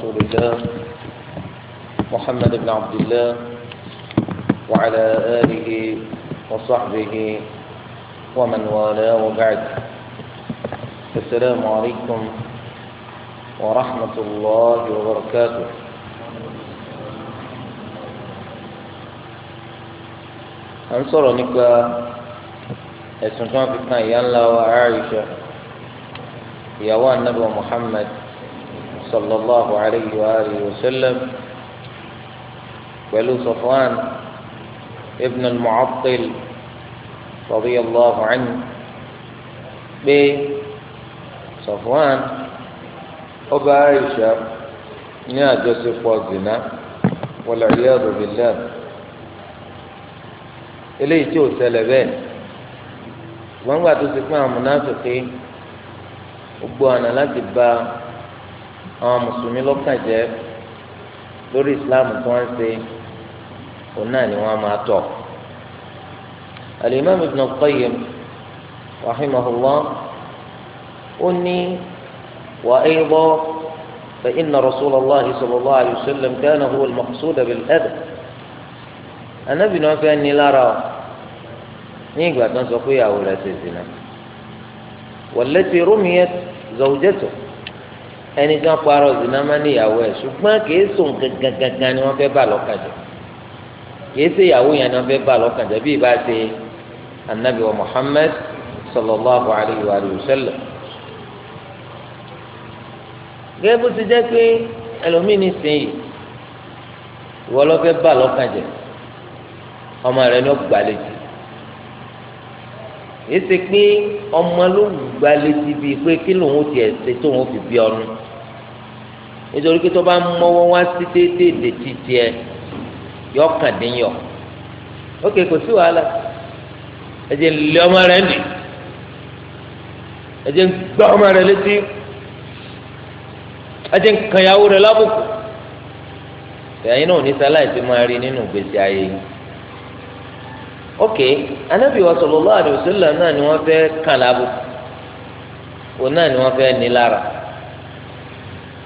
رسول الله محمد بن عبد الله وعلى آله وصحبه ومن والاه وبعد السلام عليكم ورحمة الله وبركاته أنصر ń sọ̀rọ̀ nípa ẹ̀sùn tí wọ́n fi kan ìyá محمد صلى الله عليه وآله وسلم ولو صفوان ابن المعطل رضي الله عنه بي صفوان أبا عائشة يا جوزيف وزنا والعياذ بالله eléyìí tí ò ṣẹlẹ̀ bẹ́ẹ̀ ṣùgbọ́n gbà tó ti àwọn mùsùlùmí lọ́kàn jẹ́ lórí ìsìláàmù tí wọ́n ń ṣe òun náà ni wọ́n máa tọ̀. Al-Imam Ibn Qayyim rahimahullah ó ní wa ayda fa inna Rasulullah sallallahu alayhi wa sallam kana huwa al-maqsud bil-adab. Ànábì náà fẹ́ ní lára o ní ìgbà tó ń sọ pé ìyàwó rẹ̀ ṣe zina wallati rumiyat zawjatuhu. ẹni tí wọ́n parọ́ zina máa ní ìyàwó ẹ̀ ṣùgbọ́n kìí sùn gangan ni wọ́n fẹ́ bà lọ́kàjẹ́ kìí ṣe ìyàwó yẹn ni wọ́n fẹ́ bà lọ́kàjẹ́ bí ìbá ṣe anabi wa Muhammad sallallahu alayhi wa sallam. gẹ́gẹ́ bó ti jẹ́ pé ẹlòmíì ní sèyí ìwọ lọ lọ́kàjẹ́ ọmọ rẹ ló gbàlejò èsì pé ọmọ ló gbalẹ̀ ti bi pé kí lòun ó tiẹ̀ ṣe tó òun fi bí ọnu nítorí pé tó bá mọ́wọ́ wá sí déédéé títí ẹ yọ kàn dín yọ ókè kò sí wàhálà ẹ jẹ́ lé ọmọ rẹ nì ẹ jẹ́ gbá ọmọ rẹ létí ẹ jẹ́ kànyàwó rẹ lábùkù ẹ̀yin náà ní sáláì ti máa rí nínú ìgbésí ayé yìí ok anabi wa sallallahu alaihi wasallam náà ni wọ́n fẹ́ kàn lábò òun náà ni wọ́n fẹ́ ní lára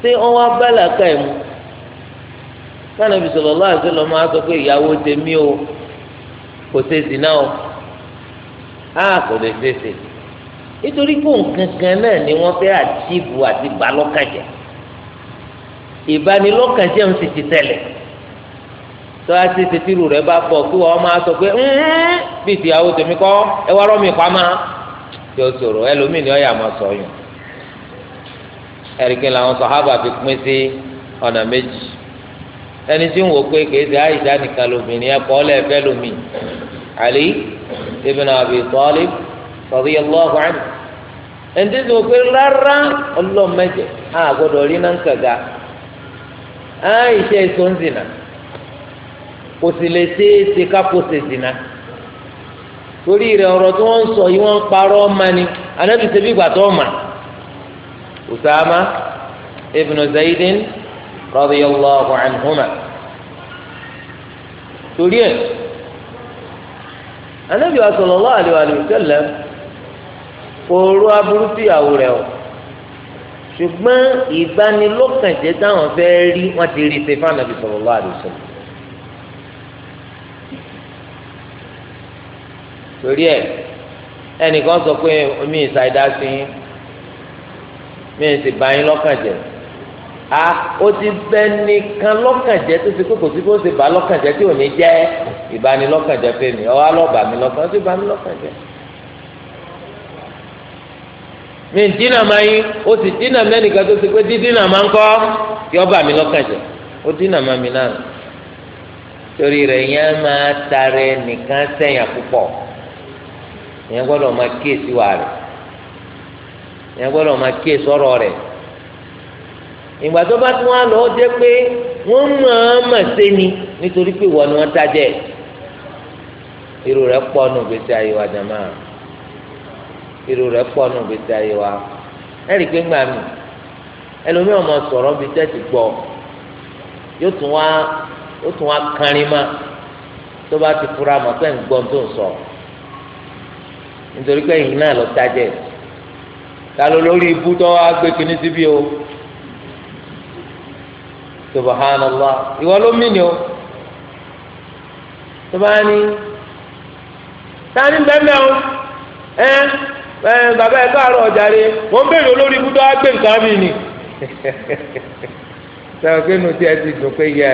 ṣé wọ́n wá bàlákà ẹ̀ mu sanabi sallallahu alaihi wasallam máa sọ pé ìyàwó tèmi o kò ṣe zina o a kò lè ṣe ṣe nítorí pé nǹkankan náà ni wọ́n fẹ́ àtìbù àti balọ́kàjẹ́ ìbanilọ́kàjẹ́ ń sì tọ́lá ti ṣe rẹ̀ bá bọ̀ kí wọ́n máa sọ pé bíi tìyàwó tèmi kọ́ ẹ wá rọ́ mi pamá tí ó sòrò ẹlòmíì ni ó máa sọ yùn ẹ̀ríkìn làwọn sọ̀hábà fi pín sí ọ̀nà méjì ẹni tí ń wò pé kìí ṣe àyíṣà nìkan lómìnir ẹ̀kọ́ lẹ́ẹ̀fẹ́ lómi Abi Talib radiyallahu anhu ẹni tí ń wò pé rárá ọlọ́mẹjẹ kò sì lè ṣeéṣe kápò ṣèṣìnà torí rẹ̀ ọ̀rọ̀ tí wọ́n ń sọ yìí wọ́n ń parọ́ ọmọ ni anábì ṣe bí ìgbà tó Usama ibn Zaydin radiyallahu anhuma torí ẹ̀ anábì sallallahu alaihi wa sallam òru aburú síyàwó rẹ̀ o ṣùgbọ́n ìbanilọ́kànjẹ́ táwọn fẹ́ rí ti rí ṣe fún anábì sallallahu alaihi wa sallam. torí ẹ ẹnìkan sọ pé omi ìsáyidá sí yín mi ì sì bá yín lọ́kàn a ó ti bẹ́ nìkan lọ́kàn jẹ́ tó ti pé kò sí bó ṣe bá lọ́kàn jẹ́ tí ò ní jẹ́ ìbanilọ́kàn ọwọ́ alọ́ọ̀bà mi lọ́kàn ó bá mi lọ́kàn jẹ́ mi ì dínà máa yín ó sì dínà mẹ́nìkan tó ti pé dídínà máa ń kọ́ kí mi lọ́kàn ó dínà máa mi náà torí rẹ̀ yẹn máa tarẹ̀ nìkan ìyẹn gbọ́dọ̀ ma kíyèsí wa rẹ̀ ìyẹn gbọ́dọ̀ máa kíyèsí ọ̀rọ̀ rẹ̀ ìgbà tó bá tún lọ ó ni nítorí pé ìwọ ni wọ́n tajẹ́ irú rẹ̀ pọ̀ nù gbèsè ayé wa jàmá irú rẹ̀ pọ̀ nù gbèsè ayé wa ẹ̀rì pé ńgbà mi ẹlòmíràn máa sọ̀rọ̀ bíi tẹ́tì gbọ́ yóò tún wá ti fura ń gbọ́ tó ń so nítorí pé ẹ̀yin náà lọ dájẹ́ ta ló lórí ibú tó wá gbé kinní síbi o subhanallah ìwọ ló mí ni o tó bá ní tani bẹ́ẹ̀ o ẹ ẹ bàbá ẹ káàárọ̀ ọjà rẹ mo ń bèrè olórí ibú tó wá gbé nǹkan mi ni sọ pé nu tí ẹ ti dùn pé yẹ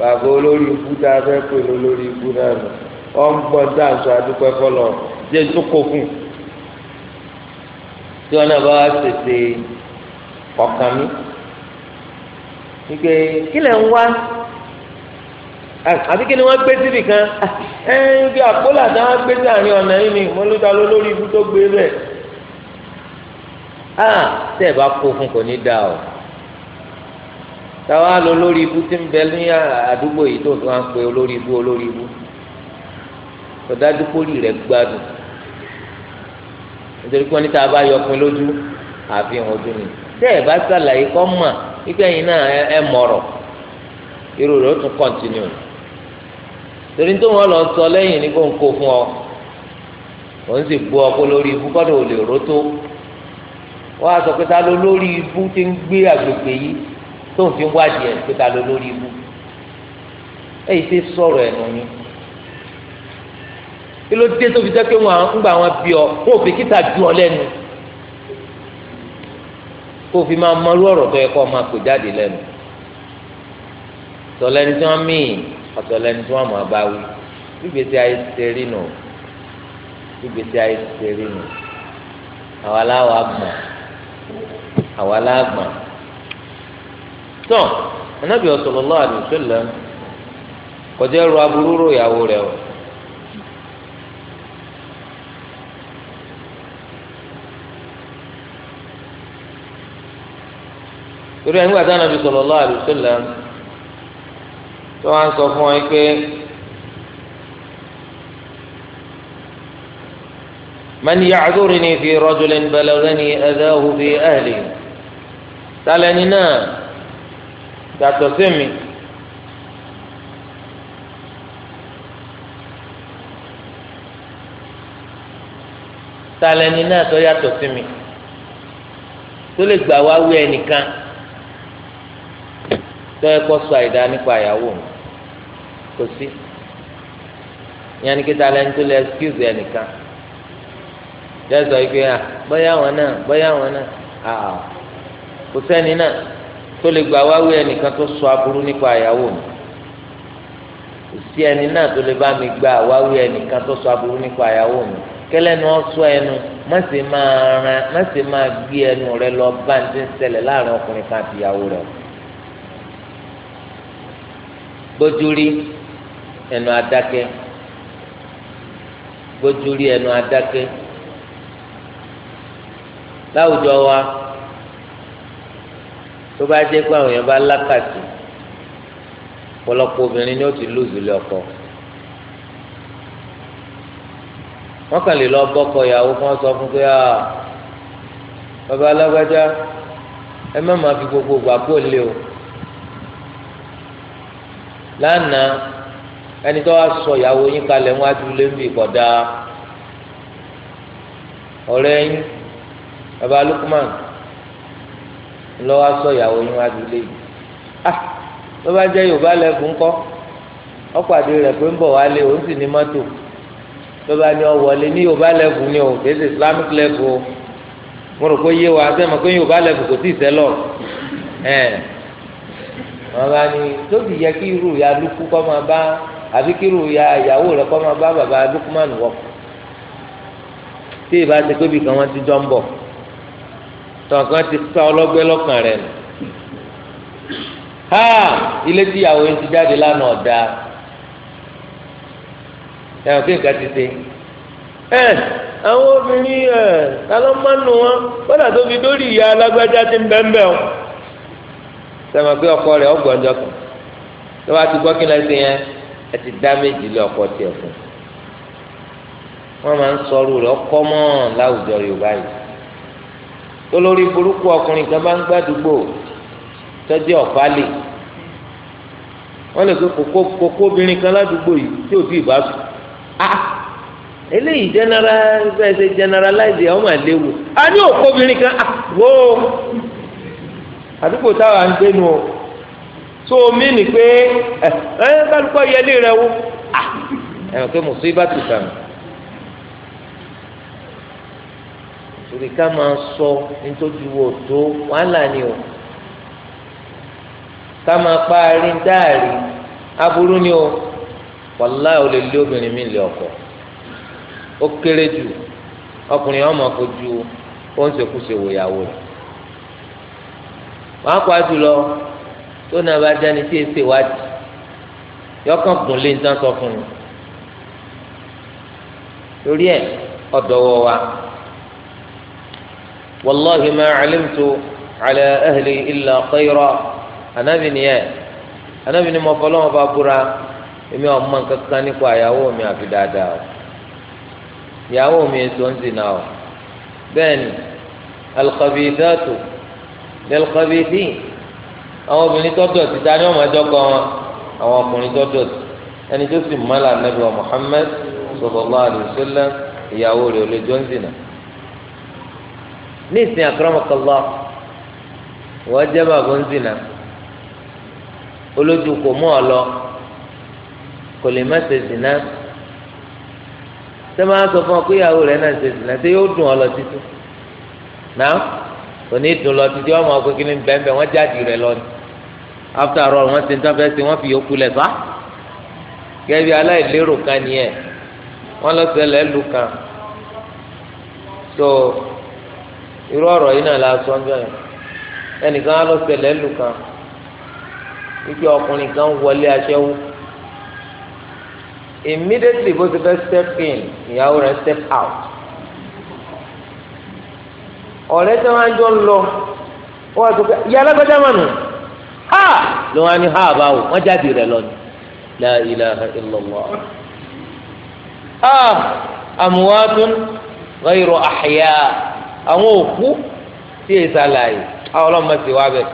bàbá olórí ibú tá a fẹ́ pè lólórí ibú náà nù ọgbọ́n tá a sọ adúpẹ́ fọlọ́ jẹ́ tó kó fún tí wọn náà bá wá tètè ọkàn mi ike kílẹ̀ ń wá ah, àbí kí ni wọ́n gbé síbì kan ẹ ń bí àpólà tí wọ́n gbé sí àárín ọ̀nà yìí ni mo ló ta ló lórí ibú tó gbé bẹ́ẹ̀ á ah, tẹ́ bá kó fún kò ní dáa o táwa lọ lórí ibú tí ń bẹ ní àdúgbò yìí tó fi wá ń pe olórí ibú olórí ibú sọdájú kórì rẹ gbádùn nítorí pé níta bá yọkun lójú àfihàn ojú ni tẹ ẹ bá sàlàyé kọ́ mà wípé ẹ̀yin náà ẹ mọ̀rọ̀ irú rẹ ó tún kọ́ntínú torí tó wọn lọ sọ lẹ́yìn ní kó ń kó fún ọ òun sì gbọ́ ọkọ lórí ibú kọ́dọ̀ ò lè rótó wọ́n á sọ pé ta ló lórí ibú ti ń gbé àgbègbè yìí tó ń fi wádìí ẹ̀ pé ta ló lórí ibú èyí ti sọ̀rọ̀ ẹ̀ nù yín kí ló dé tó fi jẹ́ pé wọn ń gbà wọn bí ọ wọn ò fi kíta ju ọ lẹ́nu kó o fi máa mọrú ọ̀rọ̀ tó yẹ kó o máa kó jáde lẹ́nu tọ́lẹ́ni tí wọ́n mìín ọ̀tọ̀lẹ́ni tí wọ́n máa bá wí gbígbèsè ayé ti rí nù gbígbèsè ayé ti rí nù àwa láwa gbọ̀n àwa lágbọ̀n tán anábìyọ̀ sallallahu kọjá ẹrù aburú rò ìyàwó rẹ̀ o. torí ẹni gbàtà nàbí sallallahu alaihi wasallam tó wá ń sọ fún ọ pé man ya'dhurni fi rajulin balaghani adhahu fi ahli tálẹ́ni náà yàtọ̀ sí mi. tálẹ́ni náà tó yàtọ̀ sí mi tó lè gbà wá wí ẹnìkan tọ́yẹ kọ́ sọ àìdá nípa ìyàwó mi kò sí ìyẹn ni kíta lẹ́nu tó lè ẹ́skúùsì ẹnìkan jẹ́sọ̀ yìí pé à bóyá àwọn náà bóyá àwọn náà àà kò sẹ́ni náà tó lè gbà wáwí ẹnìkan tó sọ aburú nípa ìyàwó mi kò sí ẹni náà tó lè bá mi gbà wáwí ẹnìkan tó sọ aburú nípa ìyàwó mi kẹlẹ́nu ọ̀sọ́ ẹnu má sì máa gbé ẹnu rẹ lọ bá ń ti ń ṣẹlẹ̀ láàrin ọkùnrin kan àti ìyàwó rẹ̀ o gbójúrí ẹnu adákẹ́ gbójúrí ẹnu adákẹ́ láwùjọ wa tó bá jẹ́ pé àwọn èèyàn bá lákàtì ọ̀pọ̀lọpọ̀ obìnrin ni ó ti lùzù lé ọkọ wọ́n kàn lè lọ bọ́kọ ìyàwó kí wọ́n sọ fún pé ah, bàbá alágbájá ẹ má máa fi gbogbo gbàgbó lé o. lánàá ẹni tó wá sọ ìyàwó yín kalẹ̀ wọn á dúró lé kọ̀dá ọ̀rẹ́ yín bàbá Lukman lọ́wọ́ sọ ìyàwó yín wá yìí ah tó jẹ́ Yorùbá lẹ́kùn ńkọ́ ọ̀pàdé rẹ̀ pé ń bọ̀ òun sì ní mọ́tò ní Yorùbá ni o Islamic lẹ́kùn o mo rò pé yé wa sẹ́mi pé Yorùbá lẹ́kùn kò sẹ́lọ̀ wọn bá ní tóbi yẹ kí irú ya lukú kọ́ máa bá àbí kí irú ya ìyàwó rẹ kọ́ máa bá bàbá lukumanu wọ̀ tí ìbá ti pé bìkan wọn ti jọ ń bọ̀ tọ̀kan ti sọ ọlọ́gbẹ́ lọ́kàn rẹ̀ nù ha ilé tí ìyàwó yẹn ti jáde lánàá ọ̀dà ẹ̀hún kí nǹkan ti ṣe ẹ̀ àwọn obìnrin ẹ̀ ta ló máa nù wọn kódà tó fi dórí ìyá alágbájá ti ń bẹ́ẹ̀ bẹ́ẹ̀ o. sẹ́mi pé ọkọ rẹ̀ ọgbọ̀njọ kan tó bá ti gbọ́ kí lẹ́sìn yẹn ẹ ti dá méjì lé ọkọ tiẹ̀ fún wọ́n máa ń sọ̀rọ̀ rẹ̀ ọkọ mọ́ láwùjọ Yorùbá yìí tó lórí burúkú ọkùnrin kan bá ń gbàdúgbò tọ́jú ọ̀fà lè wọ́n lè pe kókó obìnrin kan ládùúgbò yìí tí ah generalize ẹ̀ léwu a ní òkú obìnrin kan ah wọ́ọ́. àdúgbò táwa ń gbé nu o tó o mí ni pé ẹ eh, ẹ eh, kálukọ yẹlé rẹ wo ẹ ẹ pé mùsùlùmí bá ti sàn. torí ká máa sọ nítorí wo tó wàhálà ni o ká máa parí dáàrí aburú ni o wàláì o lè lé obìnrin mi lé ọkọ ó kéré jù ọkùnrin ọmọ fojú ó ń ṣekúṣe wòyàwó rẹ wọn kọ àjùlọ tó náà bá dání tí èsè wádìí yọkàn gùn lé nǹkan sọ fún mi lórí ẹ ọdọwọ wa wàlláhi ma alimtu ala ahli illa khayra anabi nìyẹn anabi ni mo fọlọ́wọ́n bá búra èmi ò mọ nǹkan kan nípa ìyàwó mi àfi dáadáa o ìyàwó mi èso ń zina o bẹ́ẹ̀ ni alqabidatu lẹ́lẹ́kọ́bìtì àwọn obìnrin tó dọ̀tí ta ni wọ́n máa jọ́kọ wọn àwọn ọkùnrin tó dọ̀tí ẹni tó sì mọ́lá nàbí wa Muhammad sallallahu alaihi wasallam ìyàwó rẹ̀ olè jọ́nsìnà ní ìsìn àkọ́rọ́mọkọ́lá wọ́n jẹ́ bàbá ń zìnà olójú kò mú ọ lọ kò lè má ṣe zìnà tẹ́ máa sọ fún ọ pé ìyàwó rẹ̀ náà ṣe zìnà tẹ́ yóò dùn ọ lọ títí náà onídùn lọ títí wọn mọ pé kí ni bẹ́ẹ̀ wọ́n jáde rẹ̀ lọ ni after all wọ́n ti ń tán fẹ́ẹ́ sí wọ́n fi yòókù lẹ̀ fa gẹ́gẹ́ bí aláìlérò kan nìyẹn wọ́n lọ sẹlẹ̀ lù kan so irú ọ̀rọ̀ yìí náà la sọ ń jọ yẹn ẹnìkan á lọ sẹlẹ̀ lù kan wípé ọkùnrin kan wọlé aṣẹ́wó immediately bó ti fẹ́ step in ìyàwó rẹ̀ step out ọ̀rẹ́ tí wọ́n á jọ ń lọ wọ́n á sọ pé ìyá alágbádá mà nù ha ló wá ní ha báwo wọ́n jáde rẹ̀ lọ ni la ilaha illallah ha amuwaatun ghayru ahya àwọn òkú tí èyí sàlàyé àwọn ọlọ́mọ sì wá bẹ̀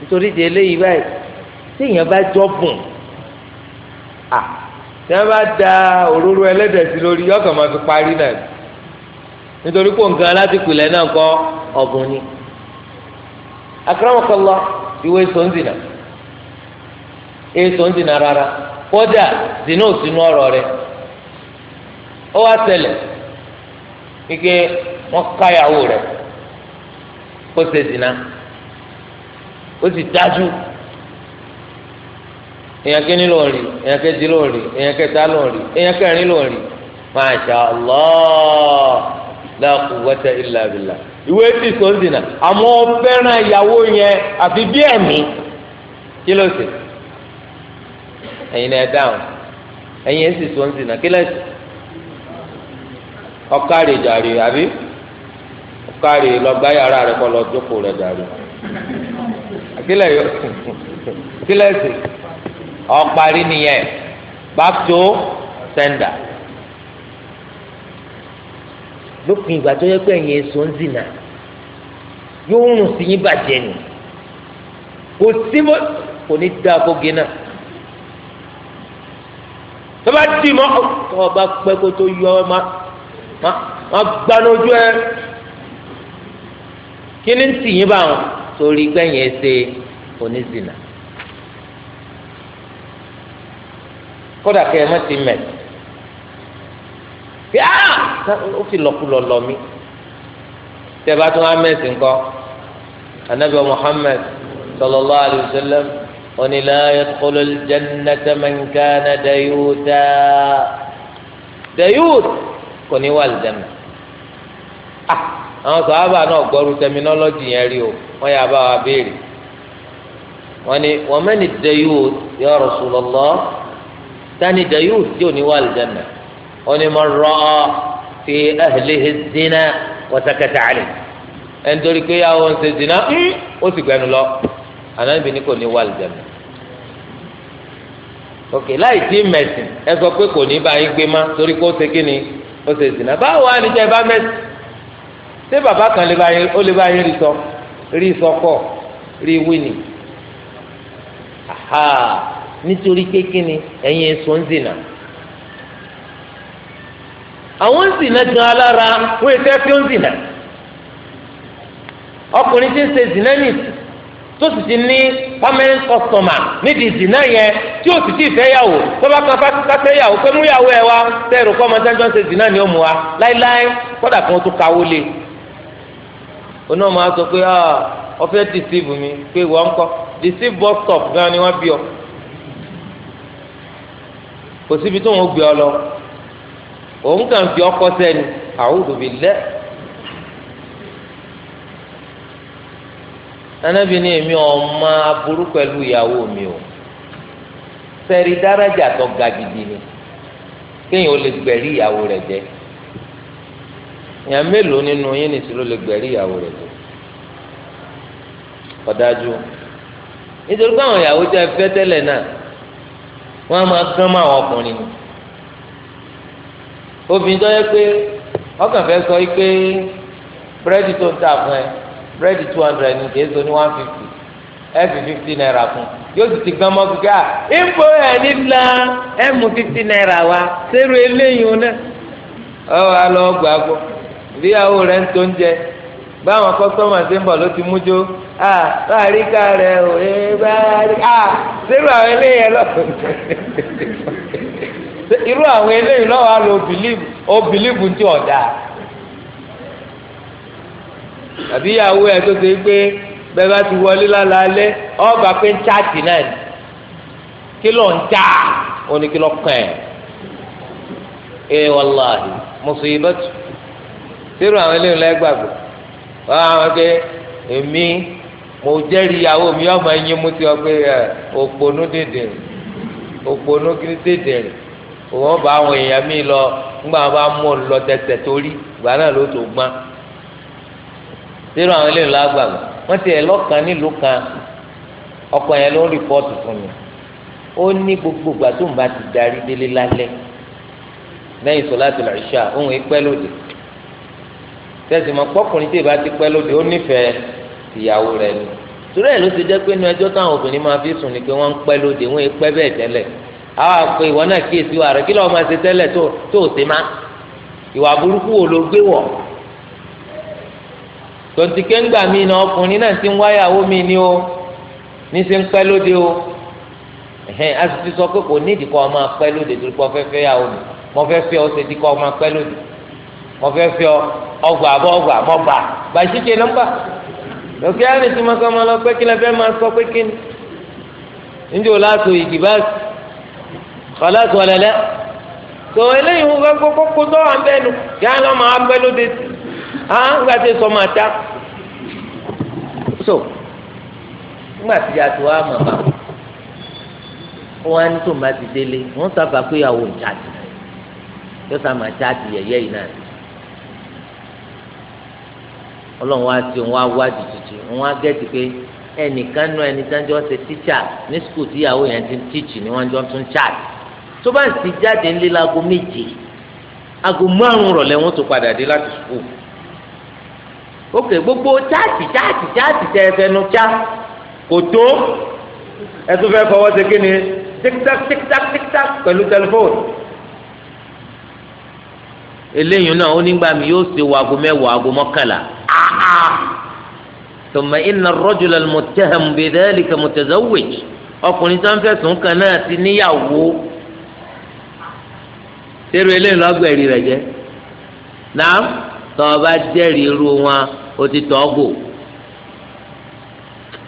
nítorí di eléyìí báyìí tí èèyàn bá jọ bùn à tí wọ́n bá da òróró ẹlẹ́dẹ̀ lórí yọ̀ọ̀kan máa fi parí náà. nítorí pé nǹkan alátìpìlẹ̀ náà kọ́ ọ̀bùn ni akramakallah ìwé èso ń zìnà èso ń rárá kódà zìnà ò ọ̀rọ̀ rẹ̀ ó wá ike wọ́n káyàwó rẹ̀ kó ṣe zìnà ó sì dájú èèyàn kínní rí èèyàn kejì rí èèyàn kẹta ló la quwwata illa billah ìwé tí sọ ń dìnnà àmọ́ fẹ́ràn ìyàwó yẹn àfi bí ẹ̀mí kí ló ṣe ẹ̀yin náà dáhùn ẹ̀yin èsì sọ ń dìnnà kí ló ṣe ọkàrè jàre àbí ọkàrè lọgbà yàrá rẹ kọ lọ jókòó rẹ jàre kílẹ̀ yọ kílẹ̀ sí ọparí nìyẹn back to lópin ìgbà tó yẹ pé ẹ̀yin èso ń zìnà yóò rùn sí yín bàjẹ́ ni kò sí mọ́ kò ní dáa kó gé náà tó bá dì mọ́ tó o bá pẹ́ kó tó yọ ọ́ má gbanójú ẹ kí ni ń tì yín báwọn torí gbẹ̀yìn ẹsẹ̀ onízìnà kódà kẹ́ ẹ má ti mẹ̀tì yáà ah! ó fi lọ́kùlọ̀ lọ mí tẹ́bà tó wá mẹ́sì ńkọ́ anabi muhammed sallallahu alayhi wa sallam onílà yadkhulul jannata man kana dayuta dayut kò ní wà ah! àwọn sàhábà náà gbọ́rú tẹminọ́lọ́jì yẹn rí o wọ́n yà bá wa béèrè wọ́n ní wọ́n mẹ́ni dayut ya rasulullah tani dayut tí ní wà lìjẹ́nà onímọ̀ rọ́ fi ahlihi zina wa sakata ali ẹni torí pé yàwó ń ṣe zina hmm, ó sì gbẹnu lọ ànábì ní kò ní wà lùdẹ̀mù ok láì tí mẹ̀sìn ẹ sọ pé kò ní bá yín gbé má torí pé ó ṣe kí ó ṣe zina báwo á níjẹ́ bá mẹ̀sìn ṣé bàbá kan ó lè bá yín rí sọ rí sọkọ rí wíìnì nítorí pé kí ẹ̀yin èso ń zina àwọn ń zìnà gan alára wọ́n ètò ẹ̀fí ń zìnà ọkùnrin tí ń ṣe zìnà nìsí tó sì ti ní permanent customer nídìí zìnà yẹn tí ó sì ti fẹ́yàwó tó bá kan fẹ́yàwó pé múyàwó ẹ wá tẹ́rù kọ́ ọmọdé jọ ń ṣe zìnà ni ó mú wa láíláí kódà kan tó kawó lé oní ọmọ sọ pé ah, ọfẹ́ deceive mi pé wọ́n ń kọ́ deceive bus stop gan ni wọ́n bí ọ kò síbi tó wọn gbé ọ lọ òun kàn fi ọkọ sẹ́ni a'udhu billah. Ànábì ní èmi ọmọ aburú pẹ̀lú ìyàwó mi o sẹ́rí dáràjà tó ga gidi ni kéèyàn ó lè gbẹ̀rí ìyàwó rẹ̀ jẹ́ èèyàn mélòó nínú yín nìsí ló lè gbẹ̀rí ìyàwó rẹ̀ jẹ́ ọ̀dájú nítorí pé àwọn ìyàwó jẹ́ fẹ́ náà wọ́n á máa gán mọ́ àwọn ọkùnrin ni obìnrin tó yẹ pé ọkàn fẹ́ sọ pé búrẹ́dì tó ń tà fún ẹ búrẹ́dì two hundred ní kìí so ní one fifty ẹ fi fifty naira fún yóò sì ti gbọ́n mọ́ kíkà ìfọ ẹ̀ nílá ẹ mú fifty naira wá sẹ́rù eléyìí náà ọ wà lọ gbà gbọ́ ìdíyàwó rẹ̀ ń tó ń jẹ báwọn kọ́sọ́mà ṣe ń bọ̀ ló ti mújó à báàríkà rẹ̀ ò ẹ báàríkà sẹ́rù àwọn eléyìí ẹ lọ́kùnrin. irú àwọn eléyìí lọ́wọ́ á lo bìlíìbù ó bìlíìbù ti ọ̀dà tàbí ìyàwó ẹ̀ tó ṣe pé bẹ́ẹ̀ bá ti wọlé lálálẹ́ ọba pé ń chaàtì náà ni kí ló ń tà ó ní kí ló kàn ẹ́ ẹ wàláhì mùsùlùmí sírù àwọn eléyìí lẹ́gbàgbọ́ wọ́n èmi mo jẹ́rìí ìyàwó mi ọmọ ẹ̀yìn mo ti ọ pé òpònú dèdè òpònú kìí wọ́n bá àwọn èèyàn mi lọ ńgbà wọn bá mú lọ tẹsẹ̀ torí ìgbà náà ló tó gbọ́n sínú àwọn ilé lágbàgbọ́ wọ́n ti ẹ̀ lọ́kàn nílùú kan ọkọ̀ yẹn ló ń rìpọ́ọ̀tù ó ní gbogbo ìgbà tó bá ti darí délé lálẹ́ lẹ́yìn òun ìpẹ́ tẹ̀sí mọ́ pọ́kùnrin tí ìbá àwọn àpò ìwọ náà kíyèsí wa rẹ kí lọ́wọ́ máa ṣe tẹ́lẹ̀ tó tó ṣe má ìwà burúkú wo ló gbé wọ̀ tòǹtìkẹ́ ń gbà mí iná ọkùnrin náà ti ń wáyàwó mi ni o ní ṣe ń pẹ́ lóde o ẹ̀hẹ́n a sì ti sọ pé kò ní ìdíkọ́ ọmọ apẹ́ lóde torí pé ọfẹ́ fẹ́ yàwó mi mo fẹ́ fẹ́ ọ ṣe díkọ́ ọmọ apẹ́ lóde mo fẹ́ fẹ́ ọ ọgbà àbọ̀ ọgbà mọ́ gbà gbàṣíkè nọ́mbà òkè àrètí mọ́kànlá lọ pé kí lẹ́ fẹ́ pé kí kọlẹ́tù ọ̀lẹ́lẹ́ tó eléyìí wọn gbọ́ kókó tó wà ń bẹ́ẹ̀ nu kí á lọ́ máa pẹ́ lóde sí á ńgbà tí sọ máa ta so ńgbà tí a tó wá mọ̀ bá wọn á ní tó máa ti délé wọn sábà pé àwọn ò jáde yóò sá máa jáde yẹ̀yẹ́ yìí náà ọlọ́run wá sí wọn á wádìí tuntun wọn á gẹ́tì pé ẹnìkan náà ẹnìkan jọ ṣe tíṣà ní sukùl tíyàwó yẹn ti ń tíṣì ni wọ́n jọ tún ṣáàtì tó bá sì jáde ńlé láago méje aago márùn rọ̀lẹ́ wọn tó padà dé láti sùkúù ok gbogbo chaati chaati chaati tẹ ẹfẹnu cha kò tó ẹtú fẹ́ fọwọ́ ṣe kí ni tiktak tiktak tiktak pẹ̀lú tẹlifóònù eléyìí náà ó nígbà mi yóò ṣe wọ aago mẹ́wàá aago mọ́kànlá aa tòmọ iná rọjòlá mọtẹhẹmù bẹẹ ọkùnrin tó ń náà ti níyàwó ṣerú eléyìí lọ́gbẹ̀rì rẹ̀ jẹ́ náà tọ́ ọ bá jẹ́rìí irú wọn ó ti tọ́ gò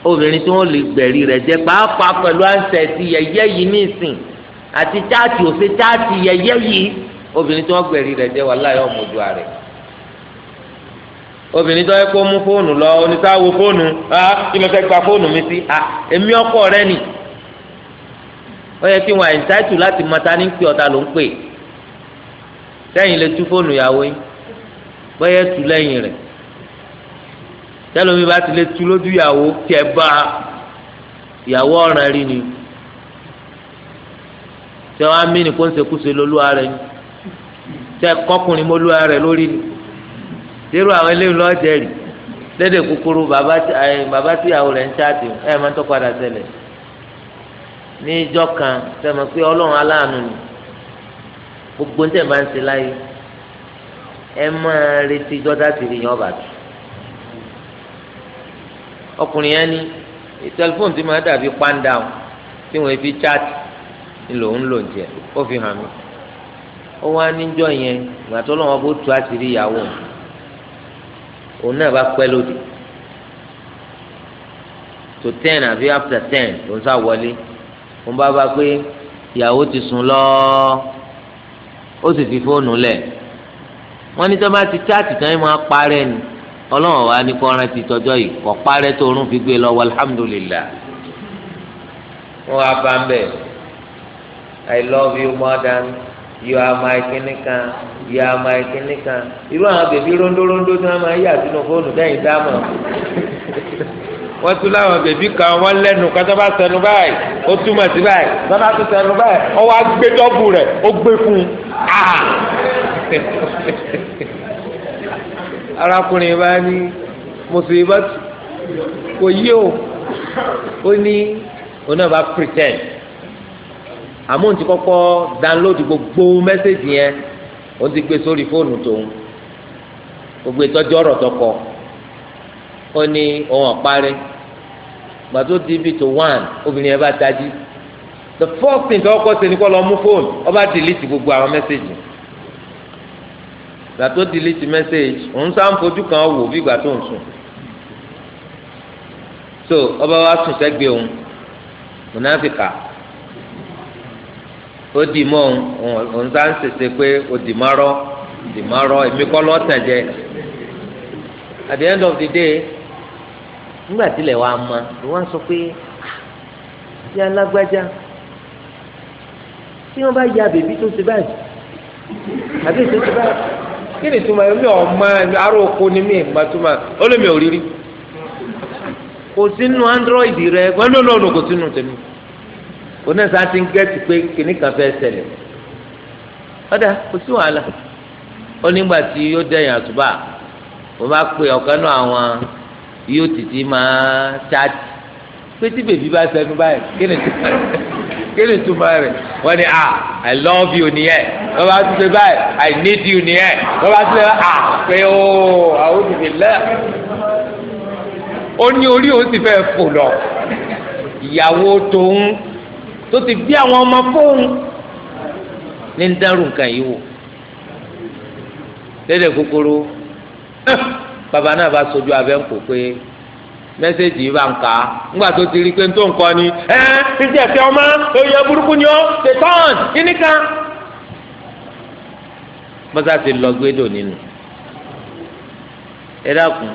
obìnrin tí wọ́n lè gbẹ̀rì rẹ̀ jẹ́ pàápàá pẹ̀lú àǹsẹ̀tì yẹ̀yẹ́ yìí nísìn àti táàtì òsè táàtì yẹ̀yẹ́ yìí obìnrin tí wọ́n gbẹ̀rì rẹ̀ jẹ́ wà láyọ̀ ọmọdé rẹ̀ obìnrin tó yẹ kó mú fóònù lọ oníṣàwò fóònù ah kí ló fẹ́ gba fóònù mi sí ah èmi ọkọ rẹ nì ó yẹ kí wọn àìsàtù láti mọta ní pé ọ̀tá ló ń pè é sẹ́yìn lè tú fóònù ìyàwó yín bẹ́ẹ̀ tú lẹ́yìn rẹ̀ tẹ́lómi bá ti lè tú lójú ìyàwó tiẹ̀ bá ìyàwó ọ̀ràn rí ni tẹ́ wọ́n á mí ní kó ń sekúse lólúwa rẹ̀ ni tẹ́ kọ́kùnrin mólúwa rẹ̀ lórí ni dérò àwọn eléyìí lọ́jẹ̀ rí lédè kúkúrú bàbá tíyàwó rẹ̀ ń ṣáàtì ẹ̀ máa ń tọ́ padà ṣẹlẹ̀ ní ìjọ kan tẹ́ pé ọlọ́run aláàánú ni gbogbo ntẹ̀ máa ń ṣe láyé ẹ máa retí jọ́dá ti rí yàn bàtú ọkùnrin yẹn ní tẹlifóònù tí máa dàbí pàǹdà o tí wọ́n fi chaati ni lòun lò ń jẹ ó fi hàn mí ó wá níjọ́ yẹn ìgbà tó lọ́wọ́ bó tu àṣírí ìyàwó òun náà bá pẹ́ lóde tó ten àbí after ten ló ń sá wọlé òun bá bá pé ìyàwó ti sùn lọ́ọ́ ó sì fi fóònù lẹ̀ wọ́n ní tó bá ti chaati tán yín máa parẹ́ ni ọlọ́run wa ní kó rántí tọjọ́ yìí kó parẹ́ tó orún fi gbé lọ alhamdulillah wọ́n wá bá ń bẹ̀ i love you more than you are my kìnìkan you are my kìnìkan irú àwọn bèbí rondórondó tí wọ́n máa yà sínú fóònù dẹ́yìn dámọ̀ wọ́n tún láwọn bèbí kan wọ́n lẹ́nu kan tó bá sẹnu báyìí ó túmọ̀ sí báyìí tó bá tún sẹnu báyìí ó wá dọ́bù rẹ̀ ó gbé fún un ah arákùnrin bá ní mùsùlùmí bá kò yí o ó ní òun náà bá pretend àmọ́ òun ti kọ́kọ́ download gbogbo mẹ́sẹ̀gì yẹn òun ti gbé sórí fóònù tòun gbogbo ìtọ́jú ọ̀rọ̀ tó kọ́ ó ní òun ọ̀parí gbàtó di ibi tó wàn obìnrin yẹn bá tají the first thing tó kọ́ ṣe ni kó lọ mú fóònù ó bá delete gbogbo àwọn mẹ́sẹ̀gì gbàtó delete mẹ́sẹ̀gì òun sá ń fojú kan wò bí gbàtó ń sùn so ó bá wa sùn sẹ́gbẹ̀ẹ́ òun mùnáfíkà ó dì mọ́ òun òun sá ń ṣèṣe pé ó dì márọ́ dì márọ́ èmi kọ́ lọ́ọ́ tàn at the end of the day. nígbà tí ilẹ̀ wa mọ sọ pé tí ah, alágbájá tí wọ́n bá ya bèbí tó ṣe báyìí àbí èso ṣe báyìí kí ni túmọ̀ ẹ̀mí ọ̀ma aró oko ni mí ìgbà túmọ̀ olómi ò rírí kò sínú android rẹ gbọ́dọ̀ náà ló kò sínú tèmi oníṣà ti ń gẹ́tì pé kìnnìkan fẹ́ ṣẹlẹ̀ ọ̀dà kò sí wàhálà ó nígbà tí ó dẹ̀yìn àtúbà mo bá ọ̀kan náà àwọn. yóò Titi máa ṣáàtì pé tí bèbí bá sẹnu báyìí kí ni túmọ̀ rẹ̀ kí ni ah i love you nìyẹn wọ́n bá tún ṣe báyìí i need you nìyẹn wọ́n bá tún ṣe ah pé ooo àwọn òbí lẹ́ ó ní orí òun sì fẹ́ fò lọ ìyàwó tòun tó ti bí àwọn ọmọ fóun ní ń dárò nǹkan yìí wò lédè kúkúrú bàbá náà bá sojú abẹ́ ń kó pé mẹ́sẹ̀gì yìí bá ń kà á ńgbà tó ti rí i pé tó ń kọ́ ni ẹ títí ẹ̀fẹ́ ọmọ oyè burúkú ni ó ṣètọ́n kíní kan. bọ́sà ti lọ gbẹ́dọ̀ nínú ẹ dákun